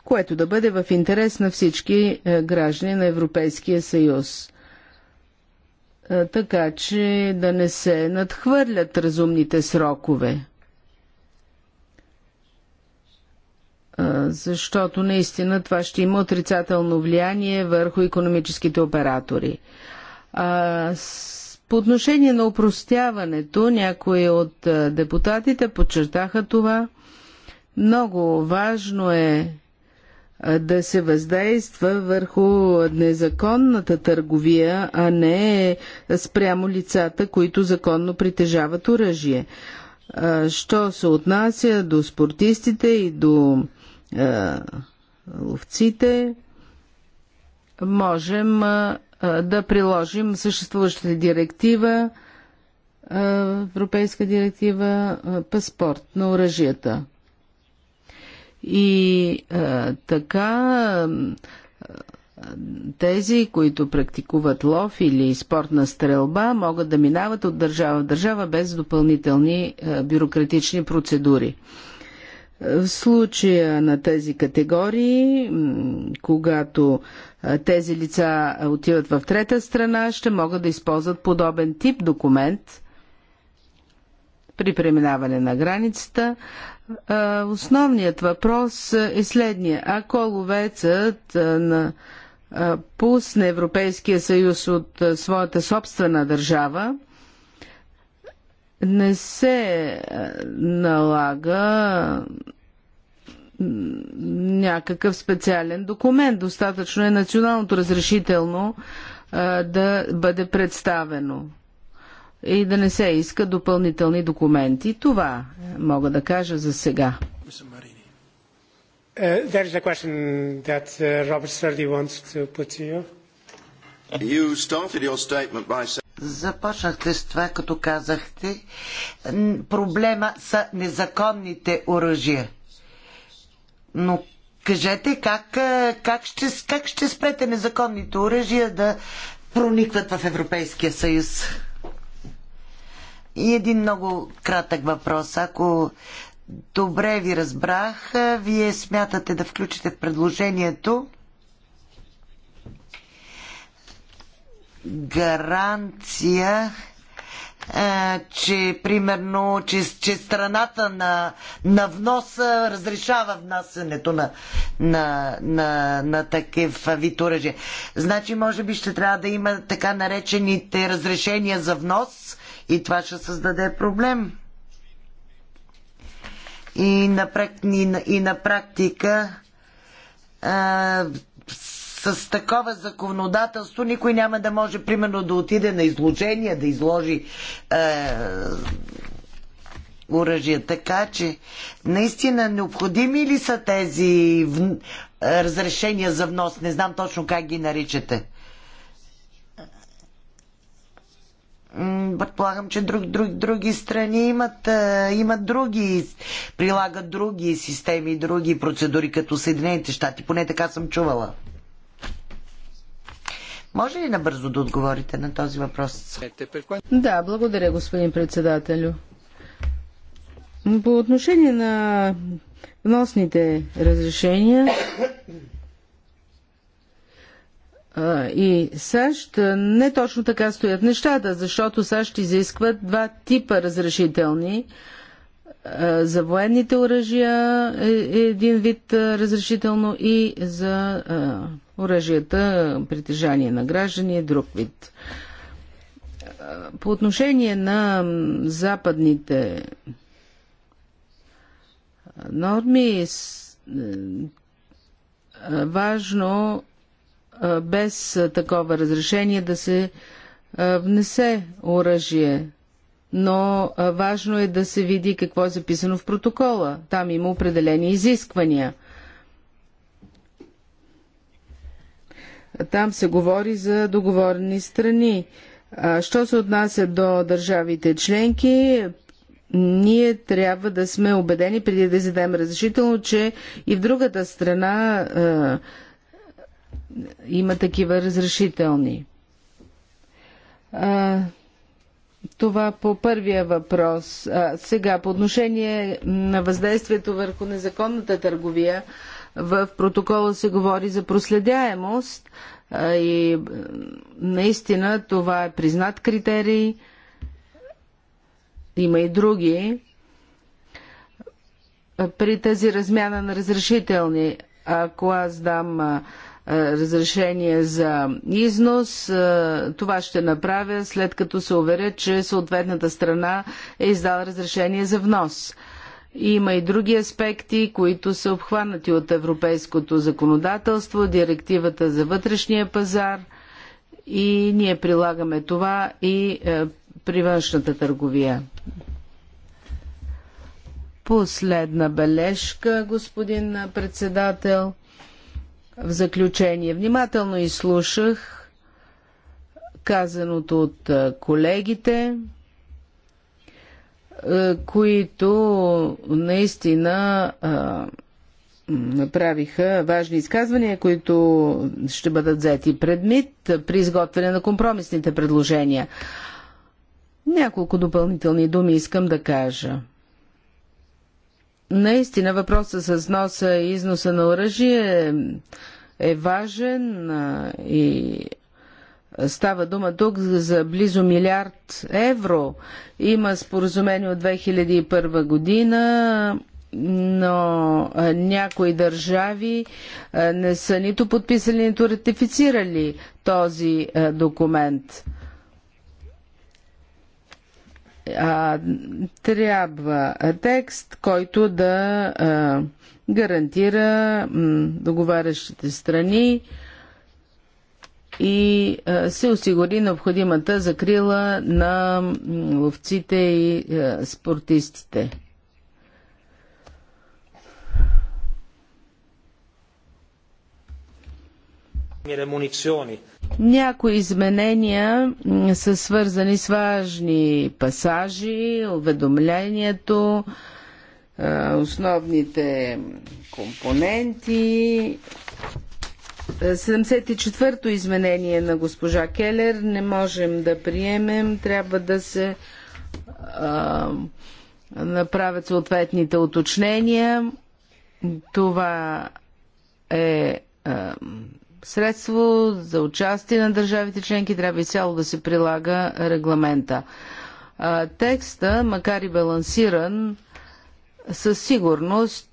което да бъде в интерес на всички граждани на Европейския съюз. Така че да не се надхвърлят разумните срокове. защото наистина това ще има отрицателно влияние върху економическите оператори. По отношение на упростяването, някои от депутатите подчертаха това. Много важно е да се въздейства върху незаконната търговия, а не спрямо лицата, които законно притежават оръжие. Що се отнася до спортистите и до е, ловците, можем е, да приложим съществуващата директива, е, Европейска директива, паспорт на оръжията. И така тези, които практикуват лов или спортна стрелба, могат да минават от държава в държава без допълнителни бюрократични процедури. В случая на тези категории, когато тези лица отиват в трета страна, ще могат да използват подобен тип документ при преминаване на границата. Основният въпрос е следния. Ако ловецът на пусне Европейския съюз от своята собствена държава, не се е, налага някакъв специален документ. Достатъчно е националното разрешително е, да бъде представено и да не се иска допълнителни документи. Това е, мога да кажа за сега.
Uh, there is a question that uh, Robert
Sturdy wants to put to you. Започнахте с това, като казахте, проблема са незаконните оръжия. Но кажете как, как, ще, как ще спрете незаконните оръжия да проникват в Европейския съюз? И един много кратък въпрос. Ако добре ви разбрах, вие смятате да включите в предложението гаранция че примерно, че, че страната на, на вноса разрешава внасенето на, на, на, на такъв вид оръжие. Значи, може би ще трябва да има така наречените разрешения за внос и това ще създаде проблем. И на, и на, и на практика а, с такова законодателство никой няма да може, примерно, да отиде на изложение, да изложи е, уражия. Така че, наистина, необходими ли са тези в... Е, разрешения за внос? Не знам точно как ги наричате. предполагам, че друг, друг, други страни имат, е, имат други, прилагат други системи, други процедури, като Съединените щати. Поне така съм чувала. Може ли набързо да отговорите на този въпрос?
Да, благодаря, господин председателю. По отношение на вносните разрешения и САЩ не точно така стоят нещата, защото САЩ изискват два типа разрешителни за военните оръжия е, един вид разрешително и за оръжията, притежание на граждани е друг вид. По отношение на западните норми, е, важно е, без такова разрешение да се е, внесе оръжие, но важно е да се види какво е записано в протокола. Там има определени изисквания. Там се говори за договорени страни. Що се отнася до държавите членки, ние трябва да сме убедени, преди да зададем разрешително, че и в другата страна а, има такива разрешителни. А, това по първия въпрос. А, сега, по отношение на въздействието върху незаконната търговия, в протокола се говори за проследяемост и наистина това е признат критерий. Има и други. При тази размяна на разрешителни, ако аз дам разрешение за износ. Това ще направя след като се уверя, че съответната страна е издала разрешение за внос. Има и други аспекти, които са обхванати от европейското законодателство, директивата за вътрешния пазар и ние прилагаме това и е, при външната търговия. Последна бележка, господин председател. В заключение, внимателно изслушах казаното от е, колегите. Е, които наистина е, направиха важни изказвания, които ще бъдат взети предмет при изготвяне на компромисните предложения. Няколко допълнителни думи искам да кажа. Наистина въпросът с носа и износа на оръжие е важен е, и Става дума тук за близо милиард евро. Има споразумение от 2001 година, но някои държави не са нито подписали, нито ратифицирали този документ. А, трябва текст, който да гарантира договарящите страни и е, се осигури необходимата закрила на ловците и е, спортистите. Някои изменения са свързани с важни пасажи, уведомлението, е, основните компоненти 74-то изменение на госпожа Келер не можем да приемем. Трябва да се а, направят съответните уточнения. Това е а, средство за участие на държавите членки. Трябва изцяло да се прилага регламента. А, текста, макар и балансиран, със сигурност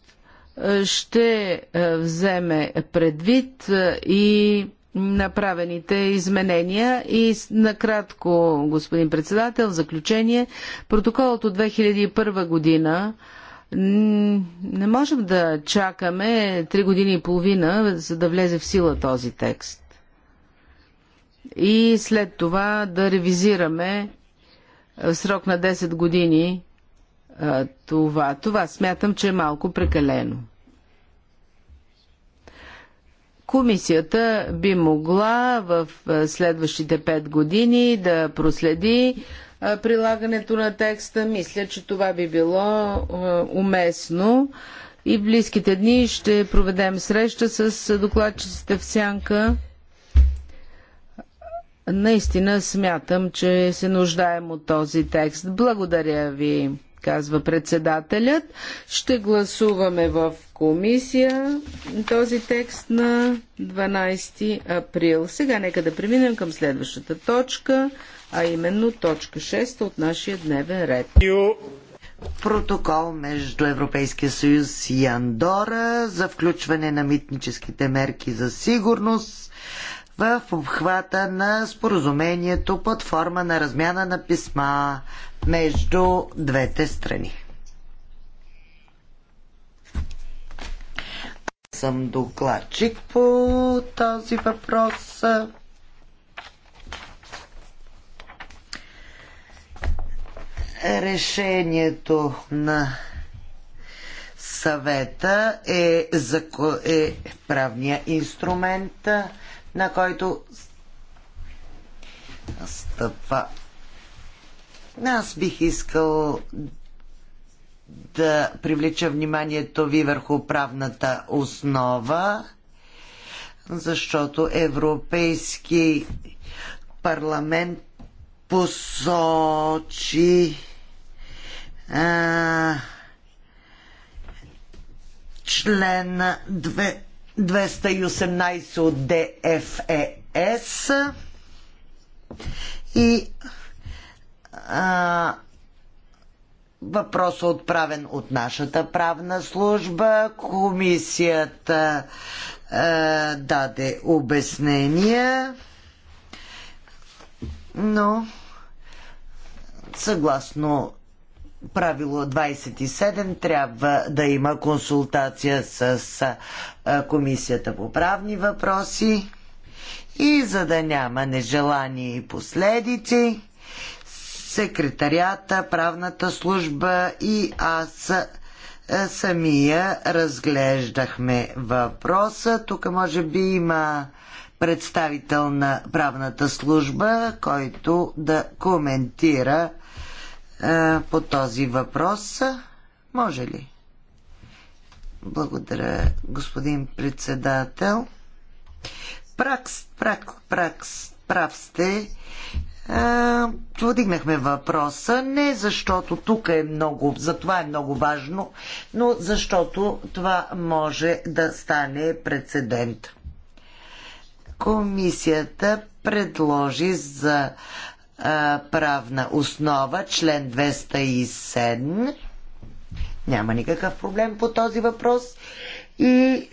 ще е, вземе предвид е, и направените изменения. И накратко, господин председател, в заключение, протоколът от 2001 година не можем да чакаме три години и половина, за да влезе в сила този текст. И след това да ревизираме е, в срок на 10 години това. Това смятам, че е малко прекалено. Комисията би могла в следващите пет години да проследи прилагането на текста. Мисля, че това би било уместно. И в близките дни ще проведем среща с докладчиците в Сянка. Наистина смятам, че се нуждаем от този текст. Благодаря ви казва председателят. Ще гласуваме в комисия този текст на 12 април. Сега нека да преминем към следващата точка, а именно точка 6 от нашия дневен ред. Протокол между Европейския
съюз и Андора за включване на митническите мерки за сигурност в обхвата на споразумението под форма на размяна на писма между двете страни. Съм докладчик по този въпрос. Решението на съвета е, е правния инструмент на който стъпва. Аз бих искал да привлеча вниманието ви върху правната основа, защото Европейски парламент посочи а, член 2 218 от ДФЕС и а, въпрос е отправен от нашата правна служба. Комисията а, даде обяснения, но съгласно правило 27 трябва да има консултация с Комисията по правни въпроси и за да няма нежелани последици, секретарията, правната служба и аз самия разглеждахме въпроса. Тук може би има представител на правната служба, който да коментира по този въпрос. Може ли? Благодаря, господин председател. Пракс, прак, пракс, прав сте. Подигнахме въпроса не защото тук е много, за това е много важно, но защото това може да стане прецедент. Комисията предложи за правна основа, член 207. Няма никакъв проблем по този въпрос. И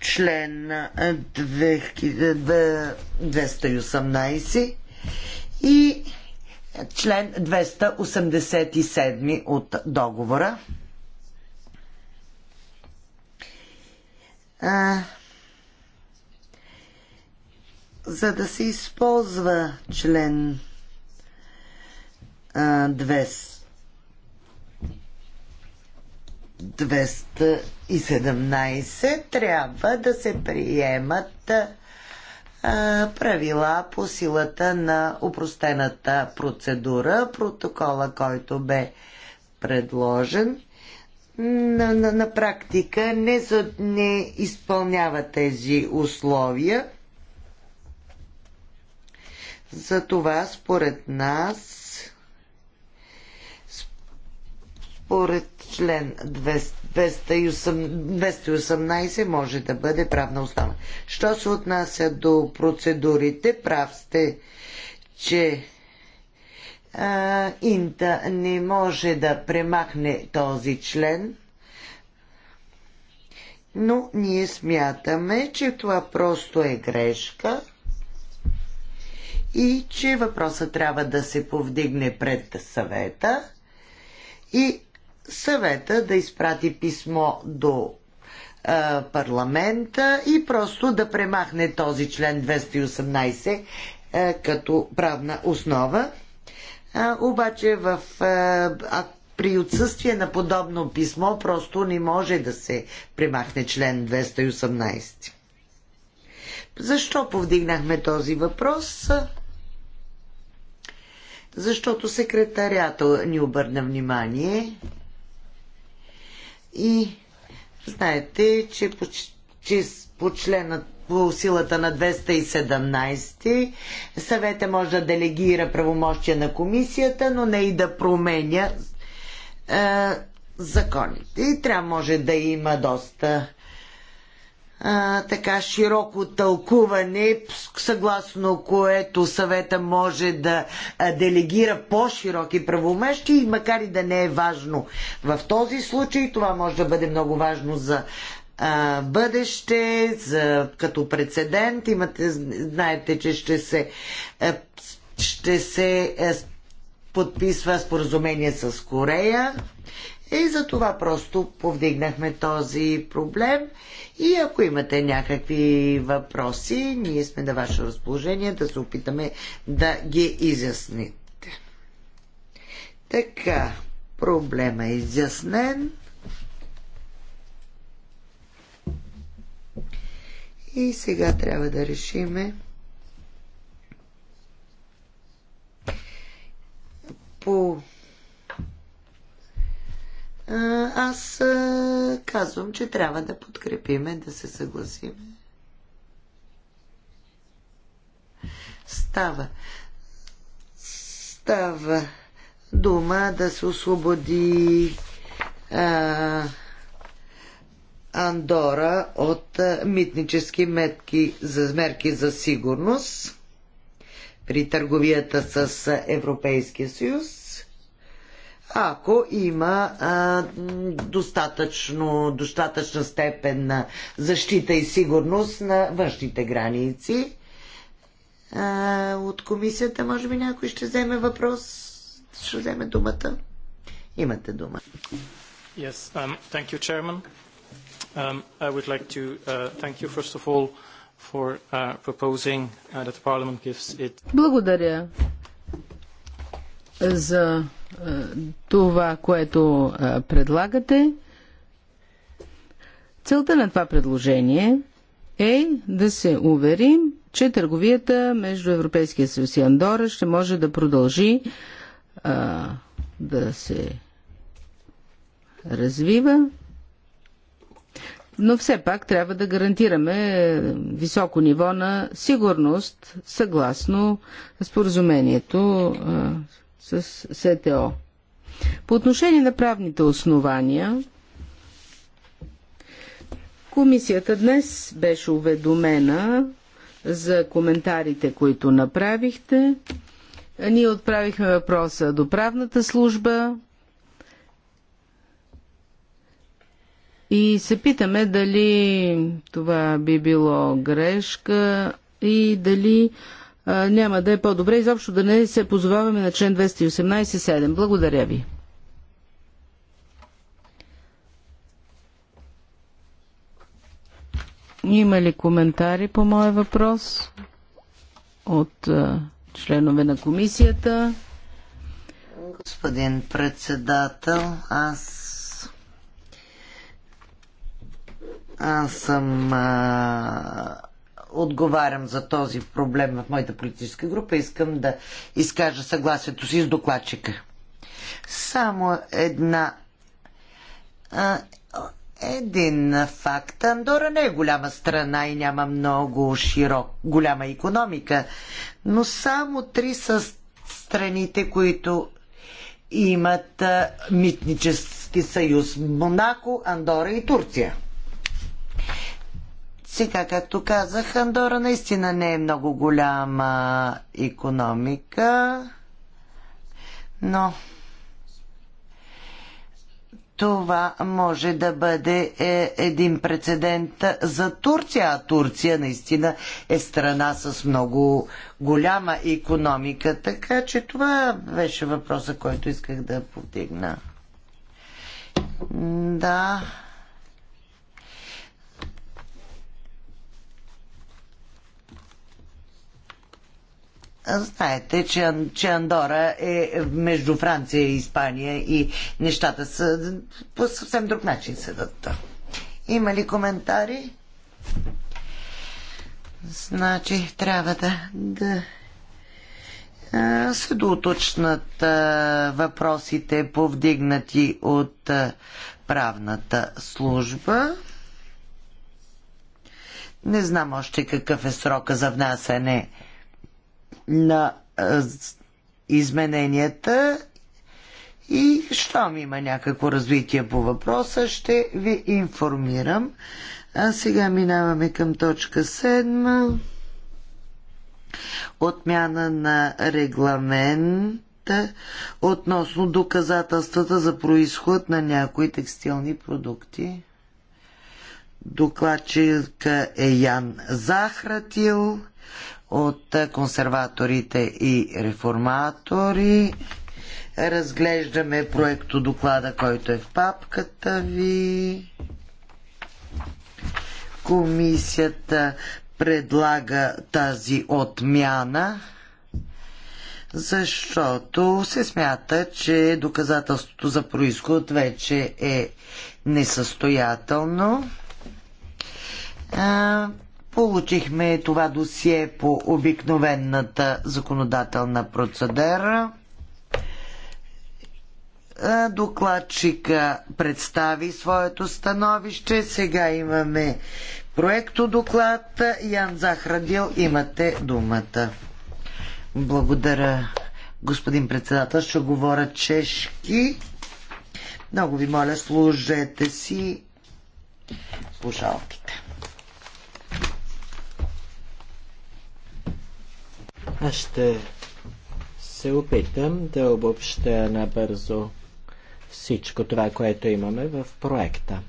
член 218 и член 287 от договора за да се използва член 200. 217 трябва да се приемат а, правила по силата на упростената процедура, протокола, който бе предложен. На, на, на практика не, не изпълнява тези условия за това, според нас, според член 218 може да бъде правна основа. Що се отнася до процедурите, прав сте, че а, Инта не може да премахне този член, но ние смятаме, че това просто е грешка – и че въпросът трябва да се повдигне пред съвета и съвета да изпрати писмо до е, парламента и просто да премахне този член 218 е, като правна основа. А, обаче в, а, при отсъствие на подобно писмо просто не може да се премахне член 218. Защо повдигнахме този въпрос? Защото секретарята ни обърна внимание и знаете, че по, че по члена по силата на 217 съвета може да делегира правомощия на комисията, но не и да променя е, законите. И трябва може да има доста а, така широко тълкуване, съгласно което съвета може да делегира по-широки правомещи и макар и да не е важно в този случай, това може да бъде много важно за а, бъдеще, за, като прецедент. Имате, знаете, че ще се, ще се подписва споразумение с Корея и за това просто повдигнахме този проблем. И ако имате някакви въпроси, ние сме на ваше разположение да се опитаме да ги изясните. Така, проблема е изяснен. И сега трябва да решиме по аз казвам, че трябва да подкрепиме, да се съгласиме. Става. Става дума да се освободи а, Андора от а, митнически метки за мерки за сигурност при търговията с Европейския съюз ако има а, достатъчно, достатъчна степен на защита и сигурност на външните граници. А, от комисията, може би, някой ще вземе въпрос, ще вземе думата. Имате дума.
Yes, um, thank you, Chairman. Um, I would like to uh, thank you, first of all, for uh, proposing uh, that the Parliament gives it...
Благодаря за това, което предлагате. Целта на това предложение е да се уверим, че търговията между Европейския съюз и Андора ще може да продължи а, да се развива, но все пак трябва да гарантираме високо ниво на сигурност съгласно споразумението, с СТО. По отношение на правните основания, комисията днес беше уведомена за коментарите, които направихте. Ние отправихме въпроса до правната служба и се питаме дали това би било грешка и дали няма да е по-добре изобщо да не се позоваваме на член 218.7. Благодаря ви. Има ли коментари по моя въпрос от членове на комисията? Господин председател, аз
аз съм а, отговарям за този проблем в моята политическа група. Искам да изкажа съгласието си с докладчика. Само една. А, един факт. Андора не е голяма страна и няма много широк, голяма економика, но само три са страните, които имат митнически съюз. Монако, Андора и Турция. Сега, както казах, Андора наистина не е много голяма економика, но това може да бъде е, един прецедент за Турция. А Турция наистина е страна с много голяма економика. Така че това беше въпроса, който исках да повдигна. Да. Знаете, че, че Андора е между Франция и Испания и нещата са по съвсем друг начин седат. Има ли коментари? Значи трябва да, да се доуточнат въпросите, повдигнати от правната служба. Не знам още какъв е срока за внасяне на измененията и щом има някакво развитие по въпроса, ще ви информирам. А сега минаваме към точка 7. Отмяна на регламент относно доказателствата за происход на някои текстилни продукти. Докладчика е Ян Захратил от консерваторите и реформатори. Разглеждаме проекто доклада, който е в папката ви. Комисията предлага тази отмяна, защото се смята, че доказателството за происход вече е несъстоятелно. Получихме това досие по обикновената законодателна процедера. Е, докладчика представи своето становище. Сега имаме проекто доклад. Ян Захрадил, имате думата. Благодаря, господин председател. Ще говоря чешки. Много ви моля, служете си слушалките. Аз ще
се опитам да обобща набързо всичко това, което имаме в проекта.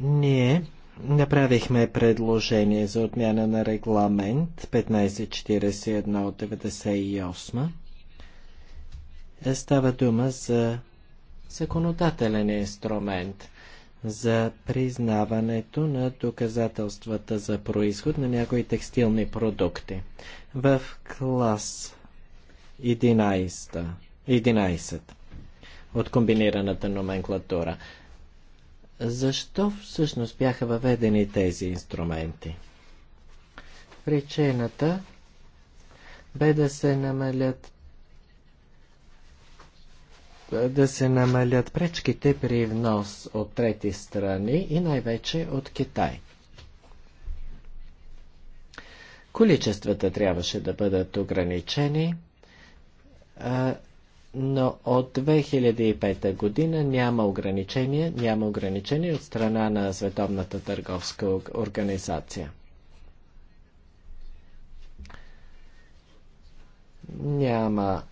Ние направихме предложение за отмяна на регламент 1541 от 98. Става дума за законодателен инструмент за признаването на доказателствата за происход на някои текстилни продукти. В клас 11, 11 от комбинираната номенклатура. Защо всъщност бяха въведени тези инструменти? Причината бе да се намалят да се намалят пречките при внос от трети страни и най-вече от Китай. Количествата трябваше да бъдат ограничени, но от 2005 година няма ограничения, няма ограничения от страна на Световната търговска организация. Няма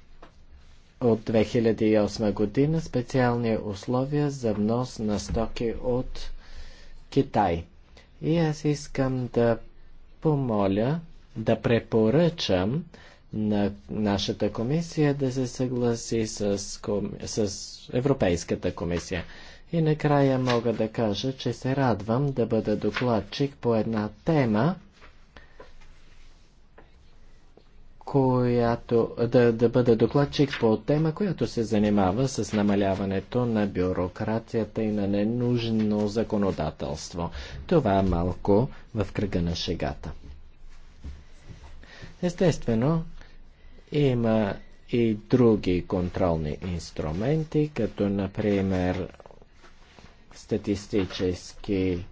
от 2008 година специални условия за внос на стоки от Китай. И аз искам да помоля, да препоръчам на нашата комисия да се съгласи с, с Европейската комисия. И накрая мога да кажа, че се радвам да бъда докладчик по една тема, която да, да бъда докладчик по тема, която се занимава с намаляването на бюрокрацията и на ненужно законодателство. Това е малко в кръга на шегата. Естествено, има и други контролни инструменти, като например статистически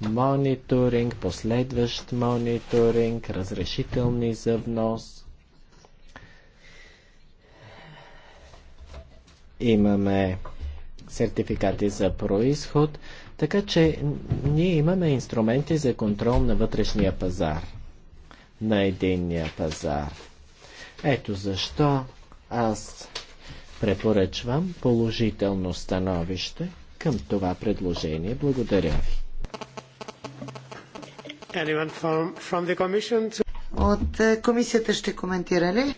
мониторинг, последващ мониторинг, разрешителни за внос. Имаме сертификати за происход, така че ние имаме инструменти за контрол на вътрешния пазар, на единния пазар. Ето защо аз препоръчвам положително становище към това
предложение. Благодаря ви
from, from
the commission to... От е, комисията ще коментира ли?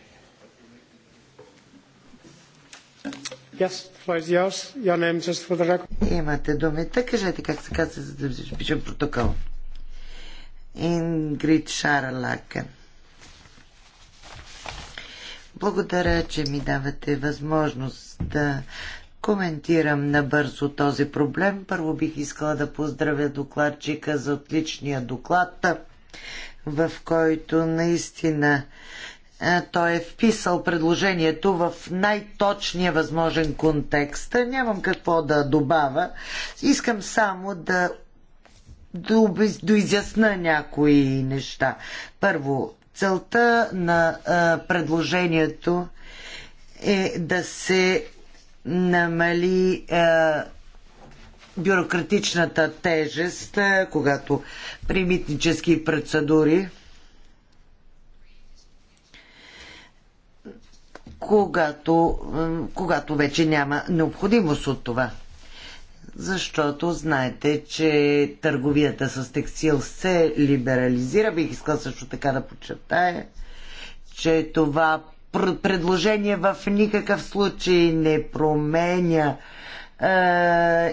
Yes, the... Имате думата. Кажете как се казва, за да запишем протокол. Ингрид Шаралакен. Благодаря, че ми давате възможност да коментирам набързо този проблем. Първо бих искала да поздравя докладчика за отличния доклад, в който наистина той е вписал предложението в най-точния възможен контекст. Нямам какво да добавя. Искам само да доизясна някои неща. Първо, целта на предложението е да се намали е, бюрократичната тежест, е, когато при митнически процедури, когато, е, когато вече няма необходимост от това. Защото знаете, че търговията с текстил се либерализира. Бих искал също така да подчертая, че това предложение в никакъв случай не променя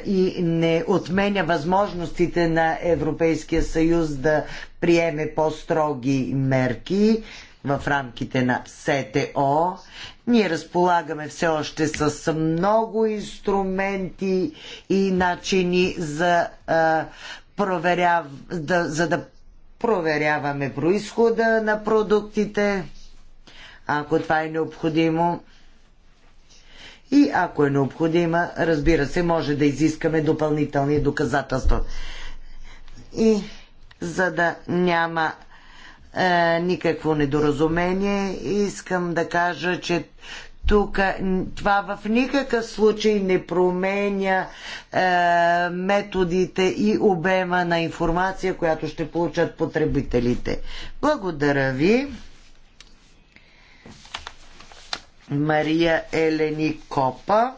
и не отменя възможностите на Европейския съюз да приеме по-строги мерки в рамките на СТО. Ние разполагаме все още с много инструменти и начини за, а, проверяв, да, за да проверяваме происхода на продуктите ако това е необходимо. И ако е необходима, разбира се, може да изискаме допълнителни доказателства. И за да няма е, никакво недоразумение, искам да кажа, че тук това в никакъв случай не променя е, методите и обема на информация, която ще получат потребителите. Благодаря ви. Мария Елени Копа.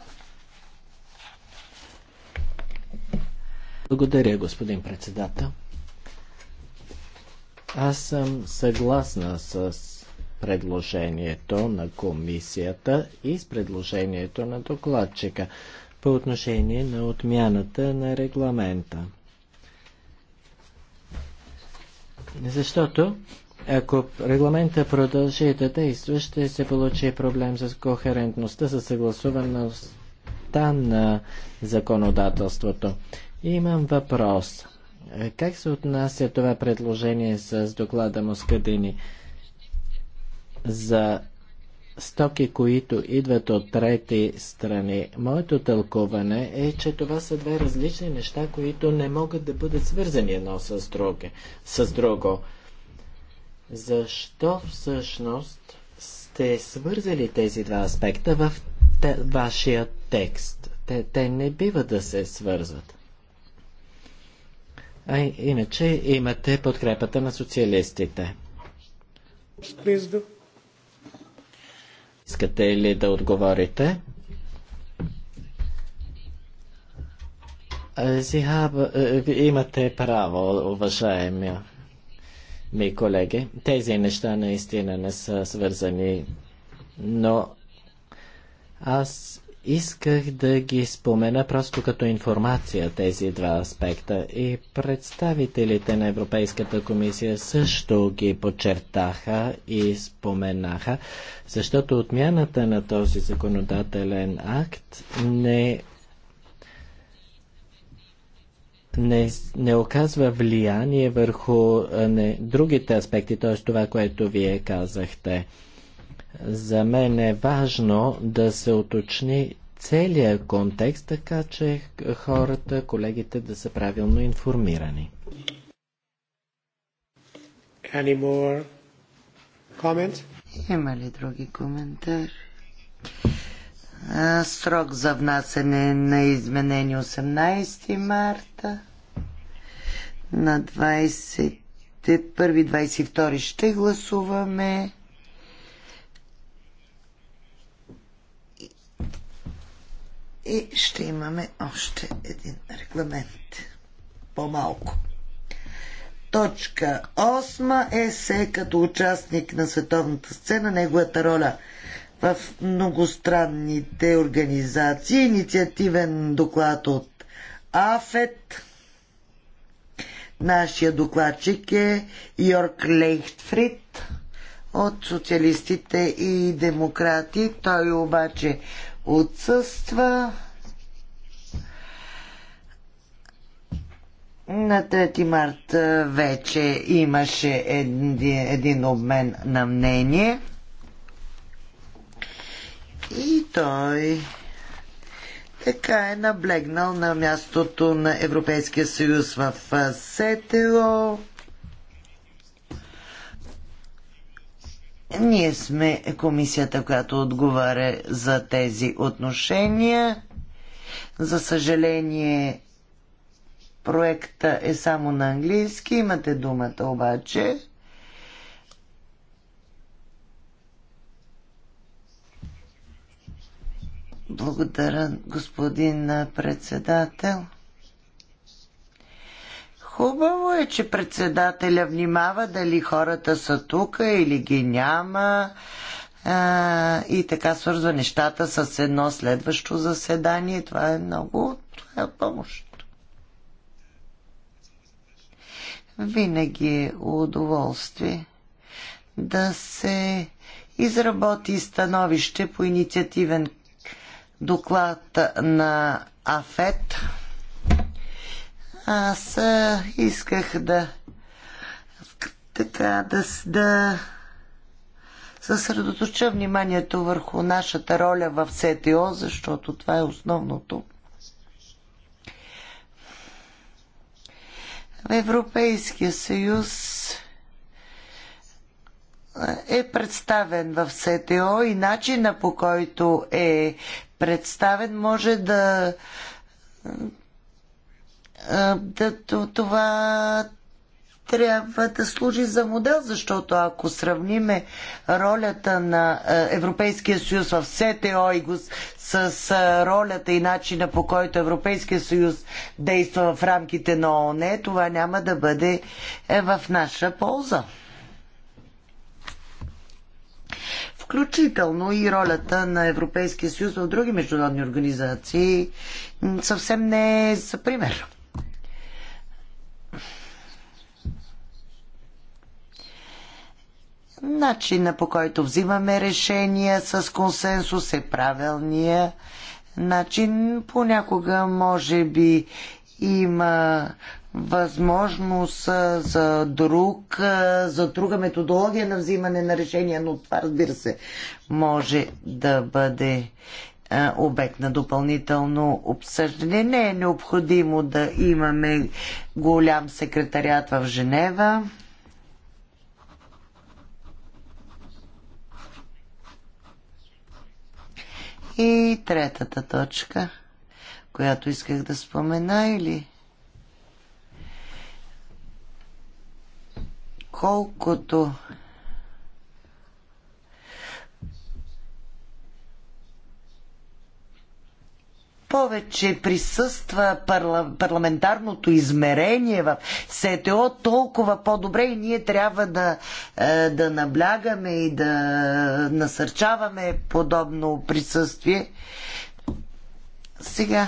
Благодаря, господин председател. Аз съм съгласна с предложението на комисията и с предложението на докладчика по отношение на отмяната на регламента. Защото ако регламента продължи да действа, ще се получи проблем с кохерентността, с съгласуваността на законодателството. Имам въпрос. Как се отнася това предложение с доклада Москадини за стоки, които идват от трети страни? Моето тълкуване е, че това са две различни неща, които не могат да бъдат свързани едно с, друго. с друго. Защо всъщност сте свързали тези два аспекта в те, вашия текст? Те, те не бива да се свързват. А иначе имате подкрепата на социалистите. Искате ли да отговорите? Зихаб, е, имате право, уважаемия ми колеги. Тези неща наистина не са свързани, но аз исках да ги спомена просто като информация тези два аспекта и представителите на Европейската комисия също ги подчертаха и споменаха, защото отмяната на този законодателен акт не не, не оказва влияние върху не, другите аспекти, т.е. това, което вие казахте. За мен е важно да се уточни целият контекст, така че хората, колегите да са правилно информирани. Any more comments?
Има ли други коментари? Срок за внасене на изменение 18 марта. На 21-22 ще гласуваме. И ще имаме още един регламент. По-малко. Точка 8 е се като участник на световната сцена, неговата роля – в многостранните организации. Инициативен доклад от АФЕТ. Нашия докладчик е Йорк Лейхтфрид от социалистите и демократи. Той обаче отсъства. На 3 март вече имаше един, един обмен на мнение. И той така е наблегнал на мястото на Европейския съюз в Сетело. Ние сме комисията, която отговаря за тези отношения. За съжаление, проекта е само на английски. Имате думата обаче. Благодаря, господин председател. Хубаво е, че председателя внимава дали хората са тук или ги няма а, и така свързва нещата с едно следващо заседание. Това е много това е помощ. Винаги е удоволствие да се изработи становище по инициативен доклад на АФЕТ. Аз исках да така да, да съсредоточа вниманието върху нашата роля в СТО, защото това е основното. В Европейския съюз е представен в СТО и начина по който е представен, може да, да това трябва да служи за модел, защото ако сравниме ролята на Европейския съюз в СТО и ГУС с ролята и начина по който Европейския съюз действа в рамките на ООН, това няма да бъде е, в наша полза. включително и ролята на Европейския съюз в други международни организации, съвсем не е за пример. Начина по който взимаме решения с консенсус е правилния начин. Понякога, може би, има възможност за, друг, за друга методология на взимане на решения, но това разбира се може да бъде обект на допълнително обсъждане. Не е необходимо да имаме голям секретариат в Женева. И третата точка, която исках да спомена или колкото повече присъства парламентарното измерение в СТО, толкова по-добре и ние трябва да, е, да наблягаме и да насърчаваме подобно присъствие. Сега.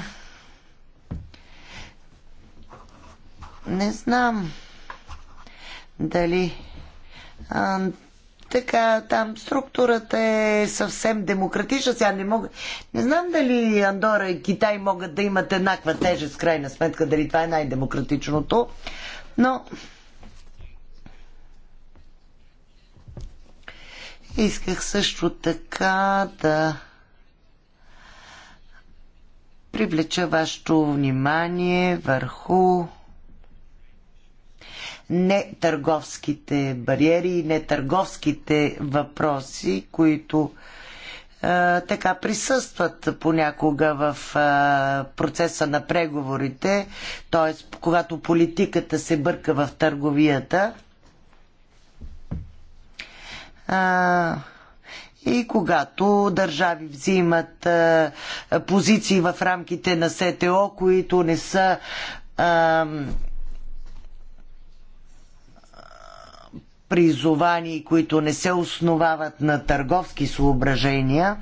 Не знам дали а, така там структурата е съвсем демократична. Сега не мога. Не знам дали Андора и Китай могат да имат еднаква тежест, крайна сметка, дали това е най-демократичното. Но исках също така да привлеча вашето внимание върху не търговските бариери и не търговските въпроси, които а, така присъстват понякога в а, процеса на преговорите, т.е. когато политиката се бърка в търговията. А, и когато държави взимат а, позиции в рамките на СТО, които не са а, призовани, които не се основават на търговски съображения,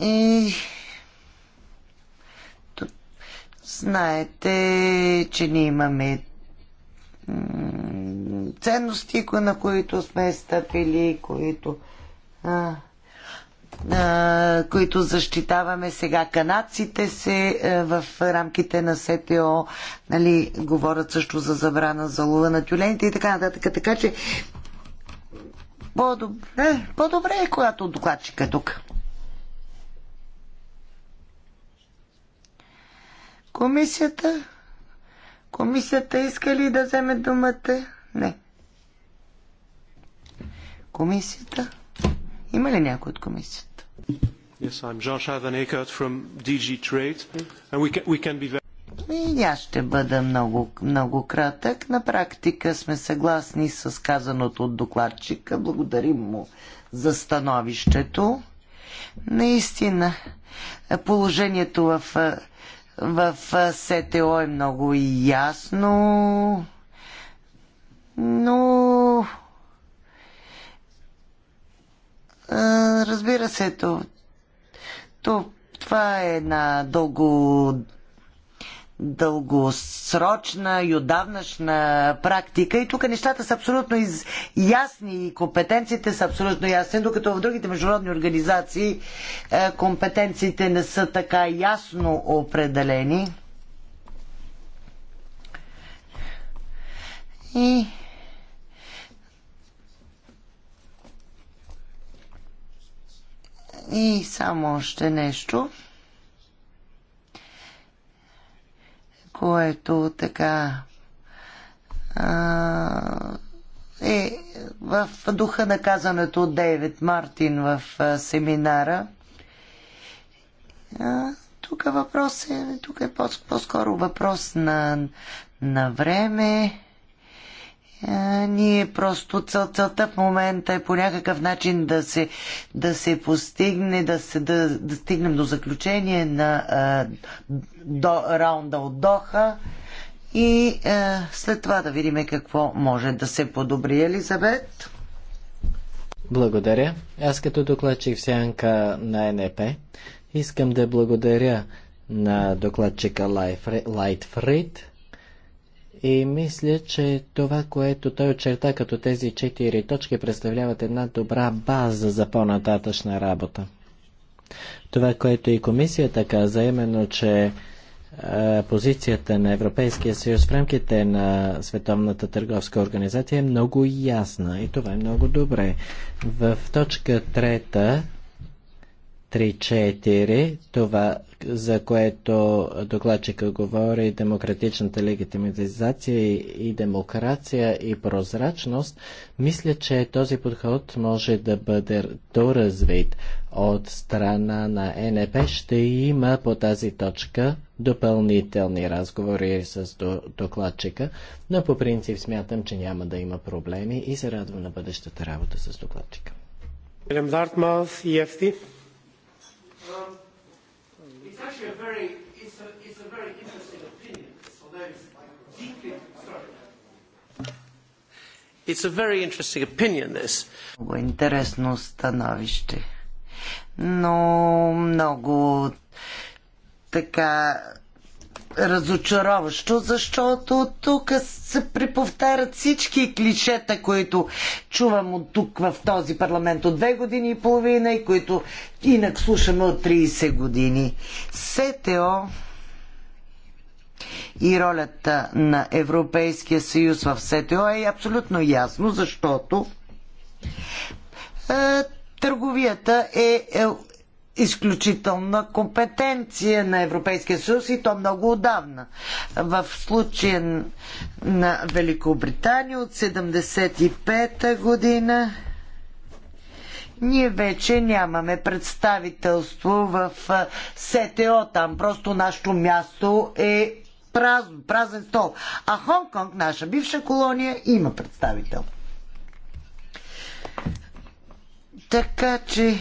И знаете, че ние имаме ценности, на които сме стъпили, които а, които защитаваме сега. Канадците се в рамките на СТО нали, говорят също за забрана за лова на тюлените и така нататък. Така че по-добре, по-добре е, когато докладчика е тук. Комисията? Комисията иска ли да вземе думата? Не. Комисията? Има ли някой от комисията?
Yes, I'm Jean from DG Trade and we can, we can be very...
И аз ще бъда много, много кратък. На практика сме съгласни с казаното от докладчика. Благодарим му за становището. Наистина, положението в, в СТО е много ясно, но разбира се, то, то, това е една дълго дългосрочна и отдавнашна практика и тук нещата са абсолютно из... ясни и компетенциите са абсолютно ясни, докато в другите международни организации е, компетенциите не са така ясно определени. И И само още нещо, което така а, е в духа на казаното от Дейвид Мартин в а, семинара. А, тук въпрос е, тук е по-скоро въпрос на, на време е, ние просто цел, целта в момента е по някакъв начин да се, да се постигне, да, се, да, да стигнем до заключение на а, е, до, раунда от Доха и а, е, след това да видим какво може да се подобри. Елизабет?
Благодаря. Аз като докладчик в сянка на НП искам да благодаря на докладчика Лайтфрид. И мисля, че това, което той очерта като тези четири точки, представляват една добра база за по-нататъчна работа. Това, което и комисията каза, именно, че е, позицията на Европейския съюз в рамките на Световната търговска организация е много ясна и това е много добре. В точка трета 3-4, това, за което докладчика говори, демократичната легитимизация и, и демокрация и прозрачност, мисля, че този подход може да бъде доразвит от страна на НП. Ще има по тази точка допълнителни разговори с докладчика, но по принцип смятам, че няма да има проблеми и се радвам на бъдещата работа с докладчика. Дартмаус, EFT. Um,
it's actually a very, it's a, it's a very interesting opinion, although it's
deeply, sorry. It's a very interesting opinion, this. Много Интересно становище. Но много така разочароващо, защото тук се приповтарят всички клишета, които чувам от тук в този парламент от две години и половина и които инак слушаме от 30 години. СТО и ролята на Европейския съюз в СТО е абсолютно ясно, защото е, търговията е, е изключителна компетенция на Европейския съюз и то много отдавна. В случая на Великобритания от 75-та година ние вече нямаме представителство в СТО. Там просто нашето място е празно, празен стол. А Хонг-Конг, наша бивша колония, има представител. Така че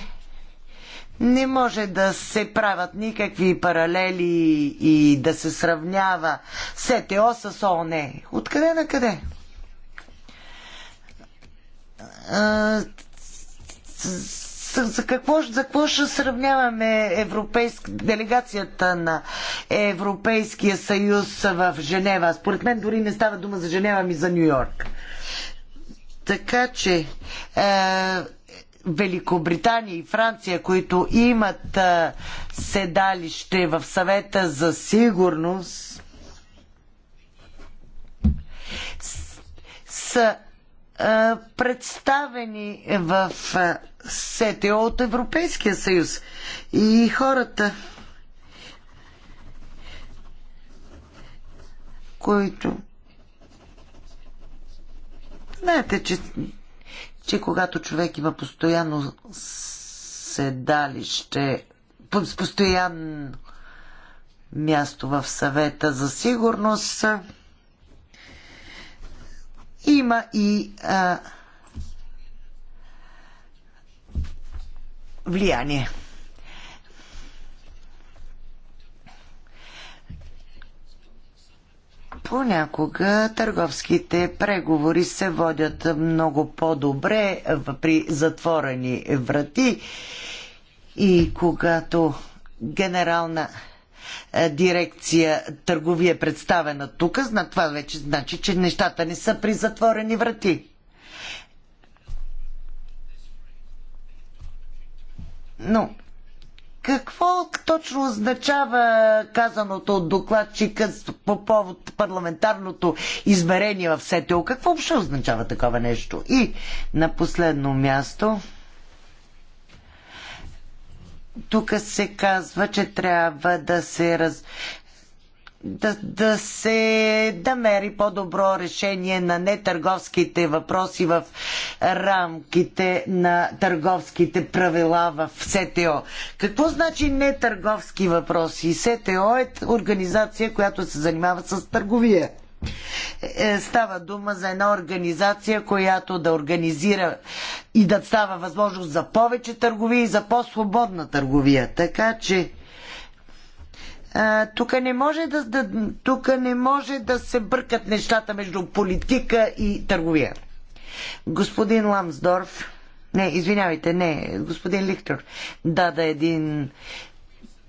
не може да се правят никакви паралели и да се сравнява СТО с ООН. Откъде на къде? за какво, за какво ще сравняваме европейск, делегацията на Европейския съюз в Женева? Според мен дори не става дума за Женева, ми за Нью Йорк. Така че е, Великобритания и Франция, които имат седалище в съвета за сигурност, са представени в СТО от Европейския съюз. И хората, които знаете, че че когато човек има постоянно седалище, постоянно място в съвета за сигурност, има и а, влияние. Понякога търговските преговори се водят много по-добре при затворени врати и когато генерална е, дирекция търговия е представена тук, това вече значи, че нещата не са при затворени врати. Но какво точно означава казаното от докладчика по повод парламентарното измерение в СТО? Какво въобще означава такова нещо? И на последно място. Тук се казва, че трябва да се, раз да, да се намери да по-добро решение на нетърговските въпроси в рамките на търговските правила в СТО. Какво значи нетърговски въпроси? СТО е организация, която се занимава с търговия. Е, става дума за една организация, която да организира и да става възможност за повече търговия и за по-свободна търговия. Така че тук не може да, да, тук не може да се бъркат нещата между политика и търговия. Господин Ламсдорф, не, извинявайте, не, господин Лихтер даде един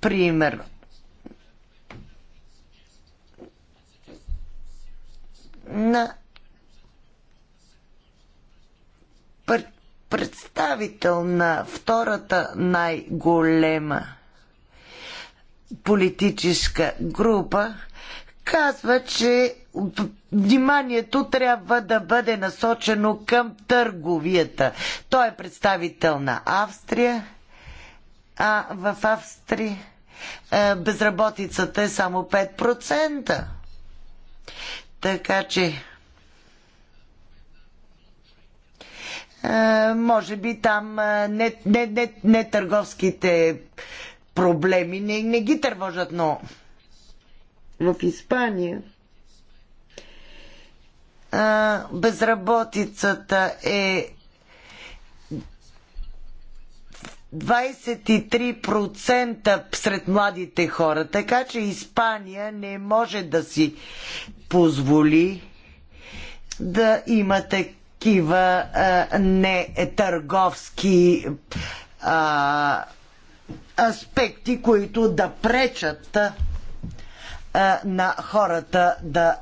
пример. На представител на втората най-голема политическа група казва, че вниманието трябва да бъде насочено към търговията. Той е представител на Австрия, а в Австрия е, безработицата е само 5%. Така че е, може би там е, не, не, не, не търговските проблеми не, не ги тървожат, но в Испания а, безработицата е 23% сред младите хора. Така че Испания не може да си позволи да има такива а, не търговски а, аспекти, които да пречат на хората да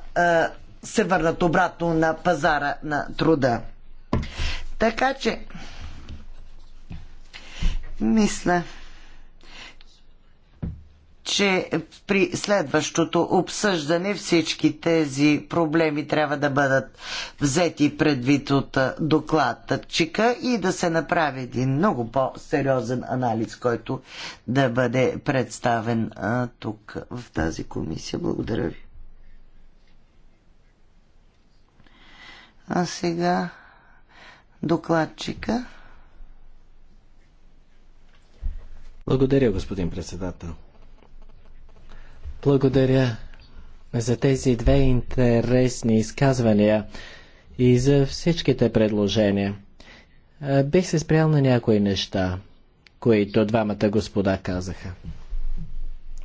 се върнат обратно на пазара на труда. Така че, мисля, че при следващото обсъждане всички тези проблеми трябва да бъдат взети предвид от докладчика и да се направи един много по-сериозен анализ, който да бъде представен а, тук в тази комисия. Благодаря ви. А сега докладчика.
Благодаря, господин председател. Благодаря за тези две интересни изказвания и за всичките предложения. Бих се спрял на някои неща, които двамата господа казаха.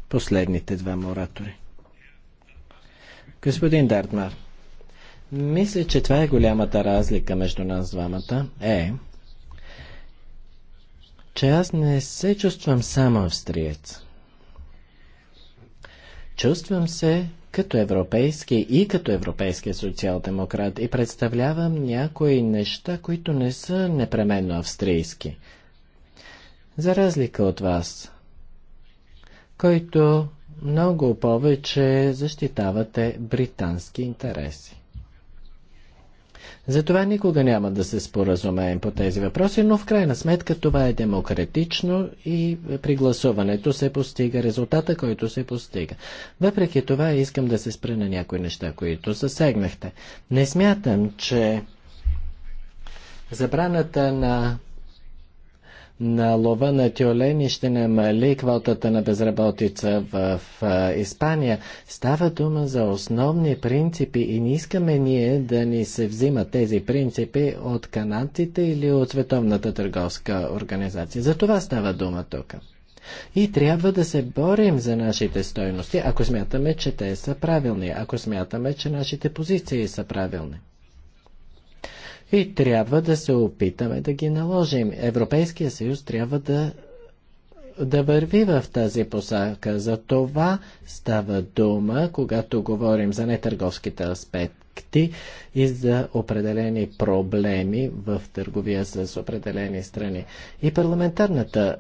Последните два оратори. Господин Дартмар, мисля, че това е голямата разлика между нас двамата. Е, че аз не се чувствам само австриец. Чувствам се като европейски и като европейски социал-демократ и представлявам някои неща, които не са непременно австрийски. За разлика от вас, който много повече защитавате британски интереси. Затова никога няма да се споразумеем по тези въпроси, но в крайна сметка това е демократично и при гласуването се постига резултата, който се постига. Въпреки това искам да се спра на някои неща, които засегнахте. Не смятам, че забраната на на лова на Тюлени и ще намали квотата на безработица в, в Испания. Става дума за основни принципи и не искаме ние да ни се взимат тези принципи от канадците или от Световната търговска организация. За това става дума тук. И трябва да се борим за нашите стойности, ако смятаме, че те са правилни, ако смятаме, че нашите позиции са правилни. И трябва да се опитаме да ги наложим. Европейския съюз трябва да, да върви в тази посока. За това става дума, когато говорим за нетърговските аспекти и за определени проблеми в търговия с определени страни. И парламентарната,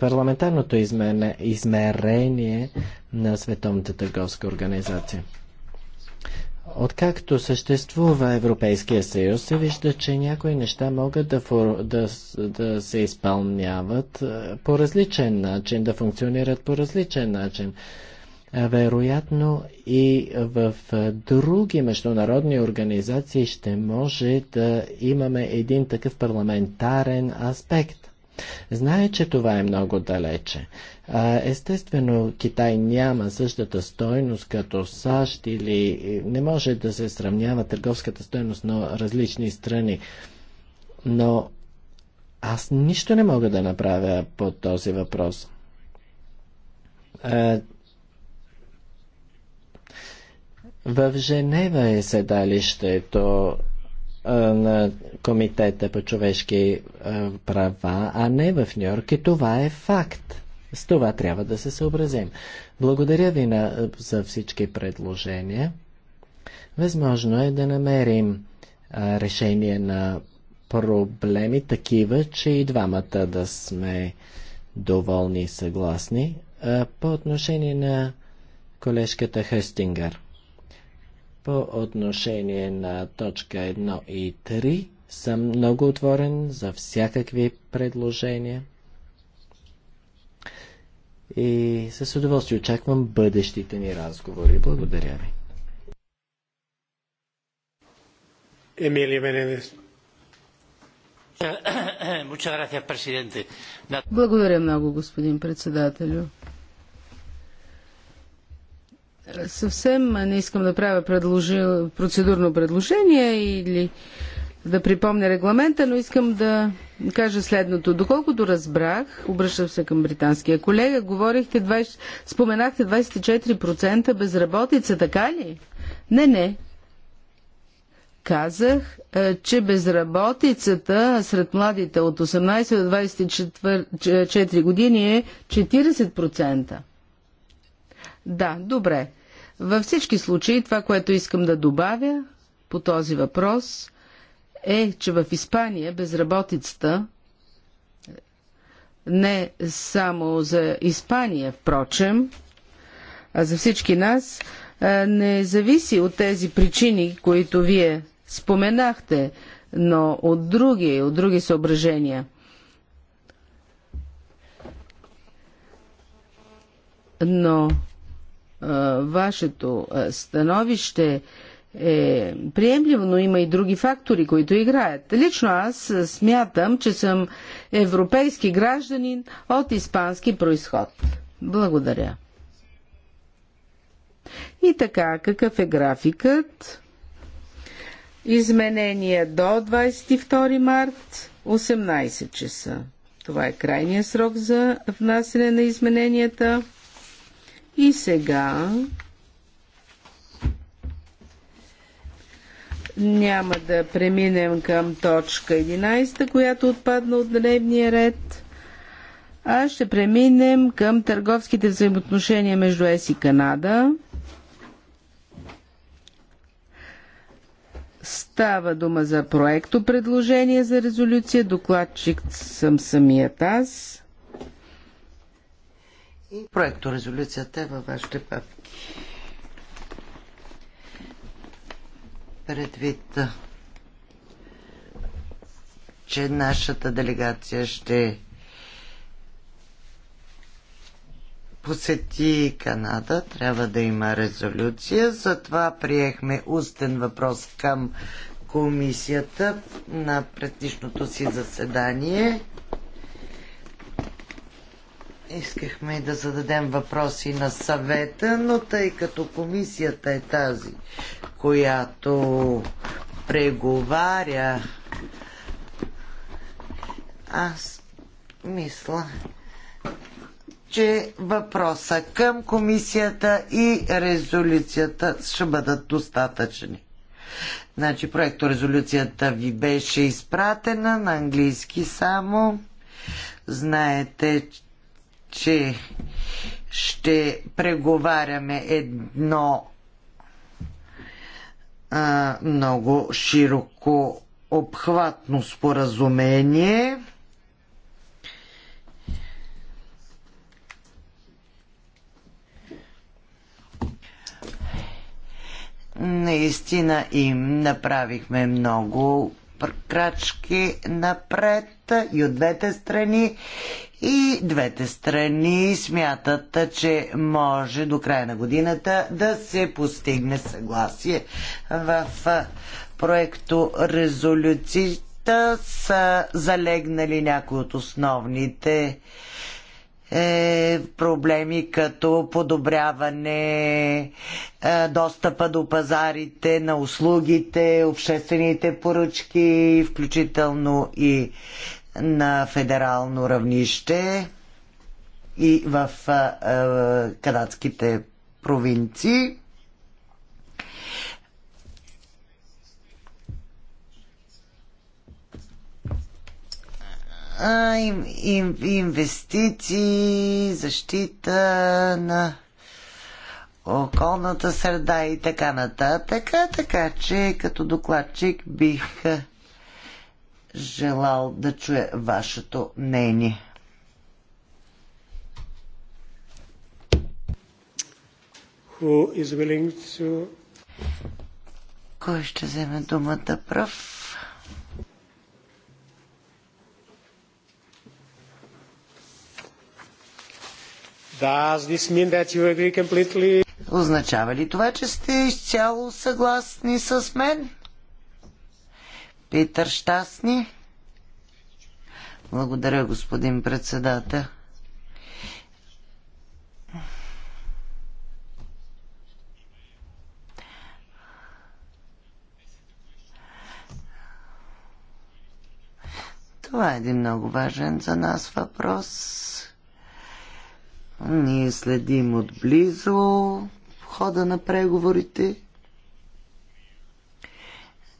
парламентарното измерение на Световната търговска организация. Откакто съществува Европейския съюз, се вижда, че някои неща могат да, фор... да, да се изпълняват е, по различен начин, да функционират по различен начин. Вероятно и в е, други международни организации ще може да имаме един такъв парламентарен аспект. Знае, че това е много далече. Естествено, Китай няма същата стойност като САЩ или не може да се сравнява търговската стойност на различни страни. Но аз нищо не мога да направя по този въпрос. В Женева е седалището на Комитета по човешки права, а не в Нью-Йорк. И това е факт. С това трябва да се съобразим. Благодаря ви на, за всички предложения. Възможно е да намерим а, решение на проблеми такива, че и двамата да сме доволни и съгласни. А, по отношение на колежката Хестингър. По отношение на точка 1 и 3 съм много отворен за всякакви предложения. И с удоволствие очаквам бъдещите ни разговори. Благодаря ви. Емилия
Благодаря много, господин председателю. Съвсем не искам да правя процедурно предложение или да припомня регламента, но искам да кажа следното. Доколкото разбрах, обръщам се към британския колега, говорихте 20... споменахте 24% безработица, така ли? Не, не. Казах, е, че безработицата сред младите от 18 до 24 години е 40%. Да, добре. Във всички случаи това, което искам да добавя по този въпрос е, че в Испания безработицата не само за Испания, впрочем, а за всички нас, не зависи от тези причини, които вие споменахте, но от други, от други съображения. Но вашето становище е приемливо, но има и други фактори, които играят. Лично аз смятам, че съм европейски гражданин от испански происход. Благодаря. И така, какъв е графикът? Изменения до 22 март, 18 часа. Това е крайният срок за внасене на измененията. И сега няма да преминем към точка 11, която отпадна от дневния ред, а ще преминем към търговските взаимоотношения между ЕС и Канада. Става дума за проекто предложение за резолюция. Докладчик съм самият аз. И проекто резолюцията е във вашите папки.
Предвид, че нашата делегация ще посети Канада, трябва да има резолюция. Затова приехме устен въпрос към комисията на предишното си заседание. Искахме да зададем въпроси на съвета, но тъй като комисията е тази, която преговаря, аз мисля, че въпроса към комисията и резолюцията ще бъдат достатъчни. Значи резолюцията ви беше изпратена на английски само. Знаете, че ще преговаряме едно а, много широко обхватно споразумение. Наистина им направихме много крачки напред и от двете страни и двете страни смятат, че може до края на годината да се постигне съгласие в проекто резолюцията са залегнали някои от основните е, проблеми като подобряване е, достъпа до пазарите на услугите, обществените поръчки, включително и на федерално равнище и в канадските провинции. им, им, инвестиции, защита на околната среда и така нататък. Така че като докладчик бих желал да чуя вашето мнение. Кой ще вземе думата прав? Означава ли това, че сте изцяло съгласни с мен? Питър Щастни. Благодаря, господин председател. Това е един много важен за нас въпрос. Ние следим отблизо хода на преговорите.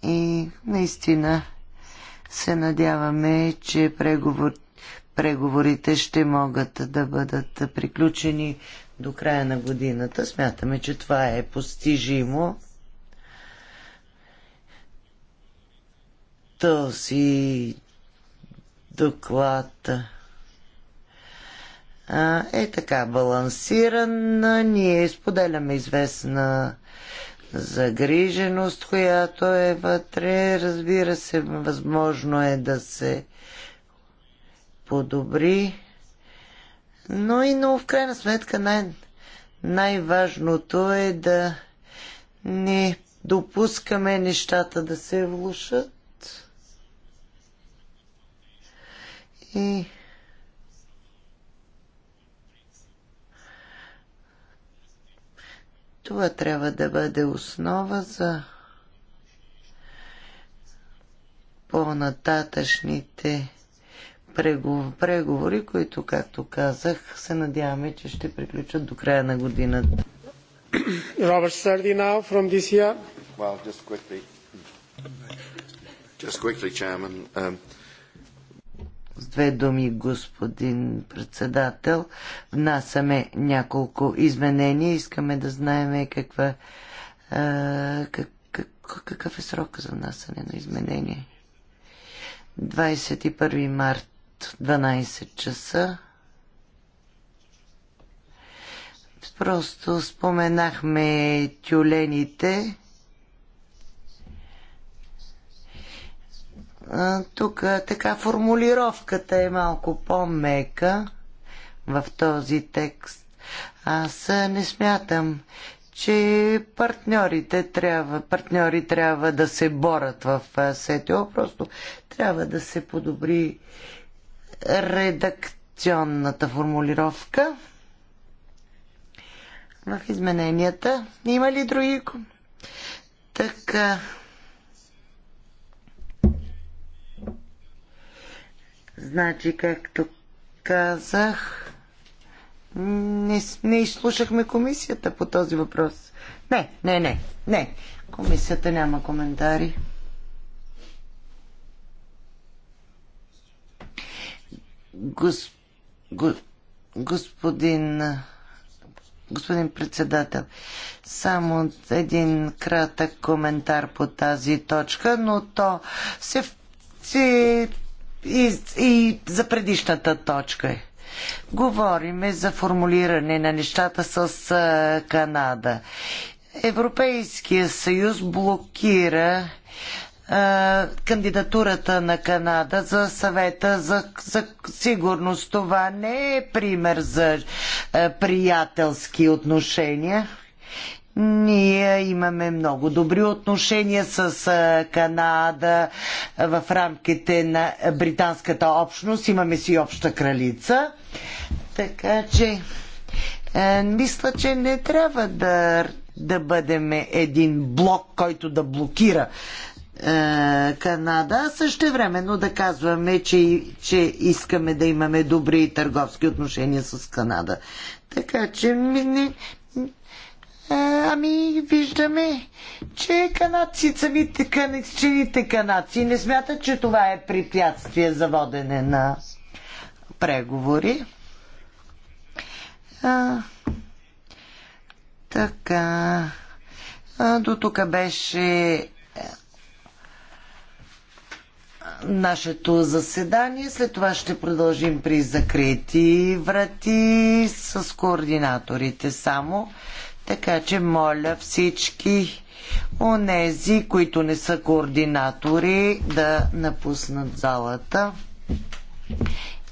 И наистина се надяваме, че преговор... преговорите ще могат да бъдат приключени до края на годината. Смятаме, че това е постижимо. Този доклад е така балансиран. Ние споделяме известна загриженост, която е вътре. Разбира се, възможно е да се подобри. Но и но в крайна сметка най- най-важното е да не допускаме нещата да се влушат. И Това трябва да бъде основа за по-нататъчните преговори, които, както казах, се надяваме, че ще приключат до края на годината. Robert Sardi now from this year. Well, just quickly. Just quickly, Chairman. Um, с две думи, господин председател, внасяме няколко изменения. Искаме да знаем каква, а, как, как, какъв е срок за внасяне на изменения. 21 март, 12 часа. Просто споменахме тюлените Тук така формулировката е малко по-мека в този текст. Аз не смятам, че партньорите трябва, партньори трябва да се борят в СТО, просто трябва да се подобри редакционната формулировка в измененията. Има ли други? Така. Значи, както казах, не, не изслушахме комисията по този въпрос. Не, не, не, не. Комисията няма коментари. Гос, го, господин, господин председател, само един кратък коментар по тази точка, но то се, се и, и за предишната точка Говориме за формулиране на нещата с Канада. Европейския съюз блокира кандидатурата на Канада за съвета за, за сигурност. Това не е пример за а, приятелски отношения. Ние имаме много добри отношения с Канада в рамките на британската общност. Имаме си обща кралица. Така че мисля, че не трябва да, да бъдем един блок, който да блокира Канада, а също времено да казваме, че, че искаме да имаме добри търговски отношения с Канада. Така че не, ами виждаме, че канадците, самите канадчините канадци не смятат, че това е препятствие за водене на преговори. А, така. А, до тук беше е, нашето заседание. След това ще продължим при закрити врати с координаторите само. Така че моля всички онези, които не са координатори, да напуснат залата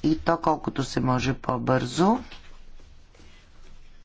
и то колкото се може по-бързо.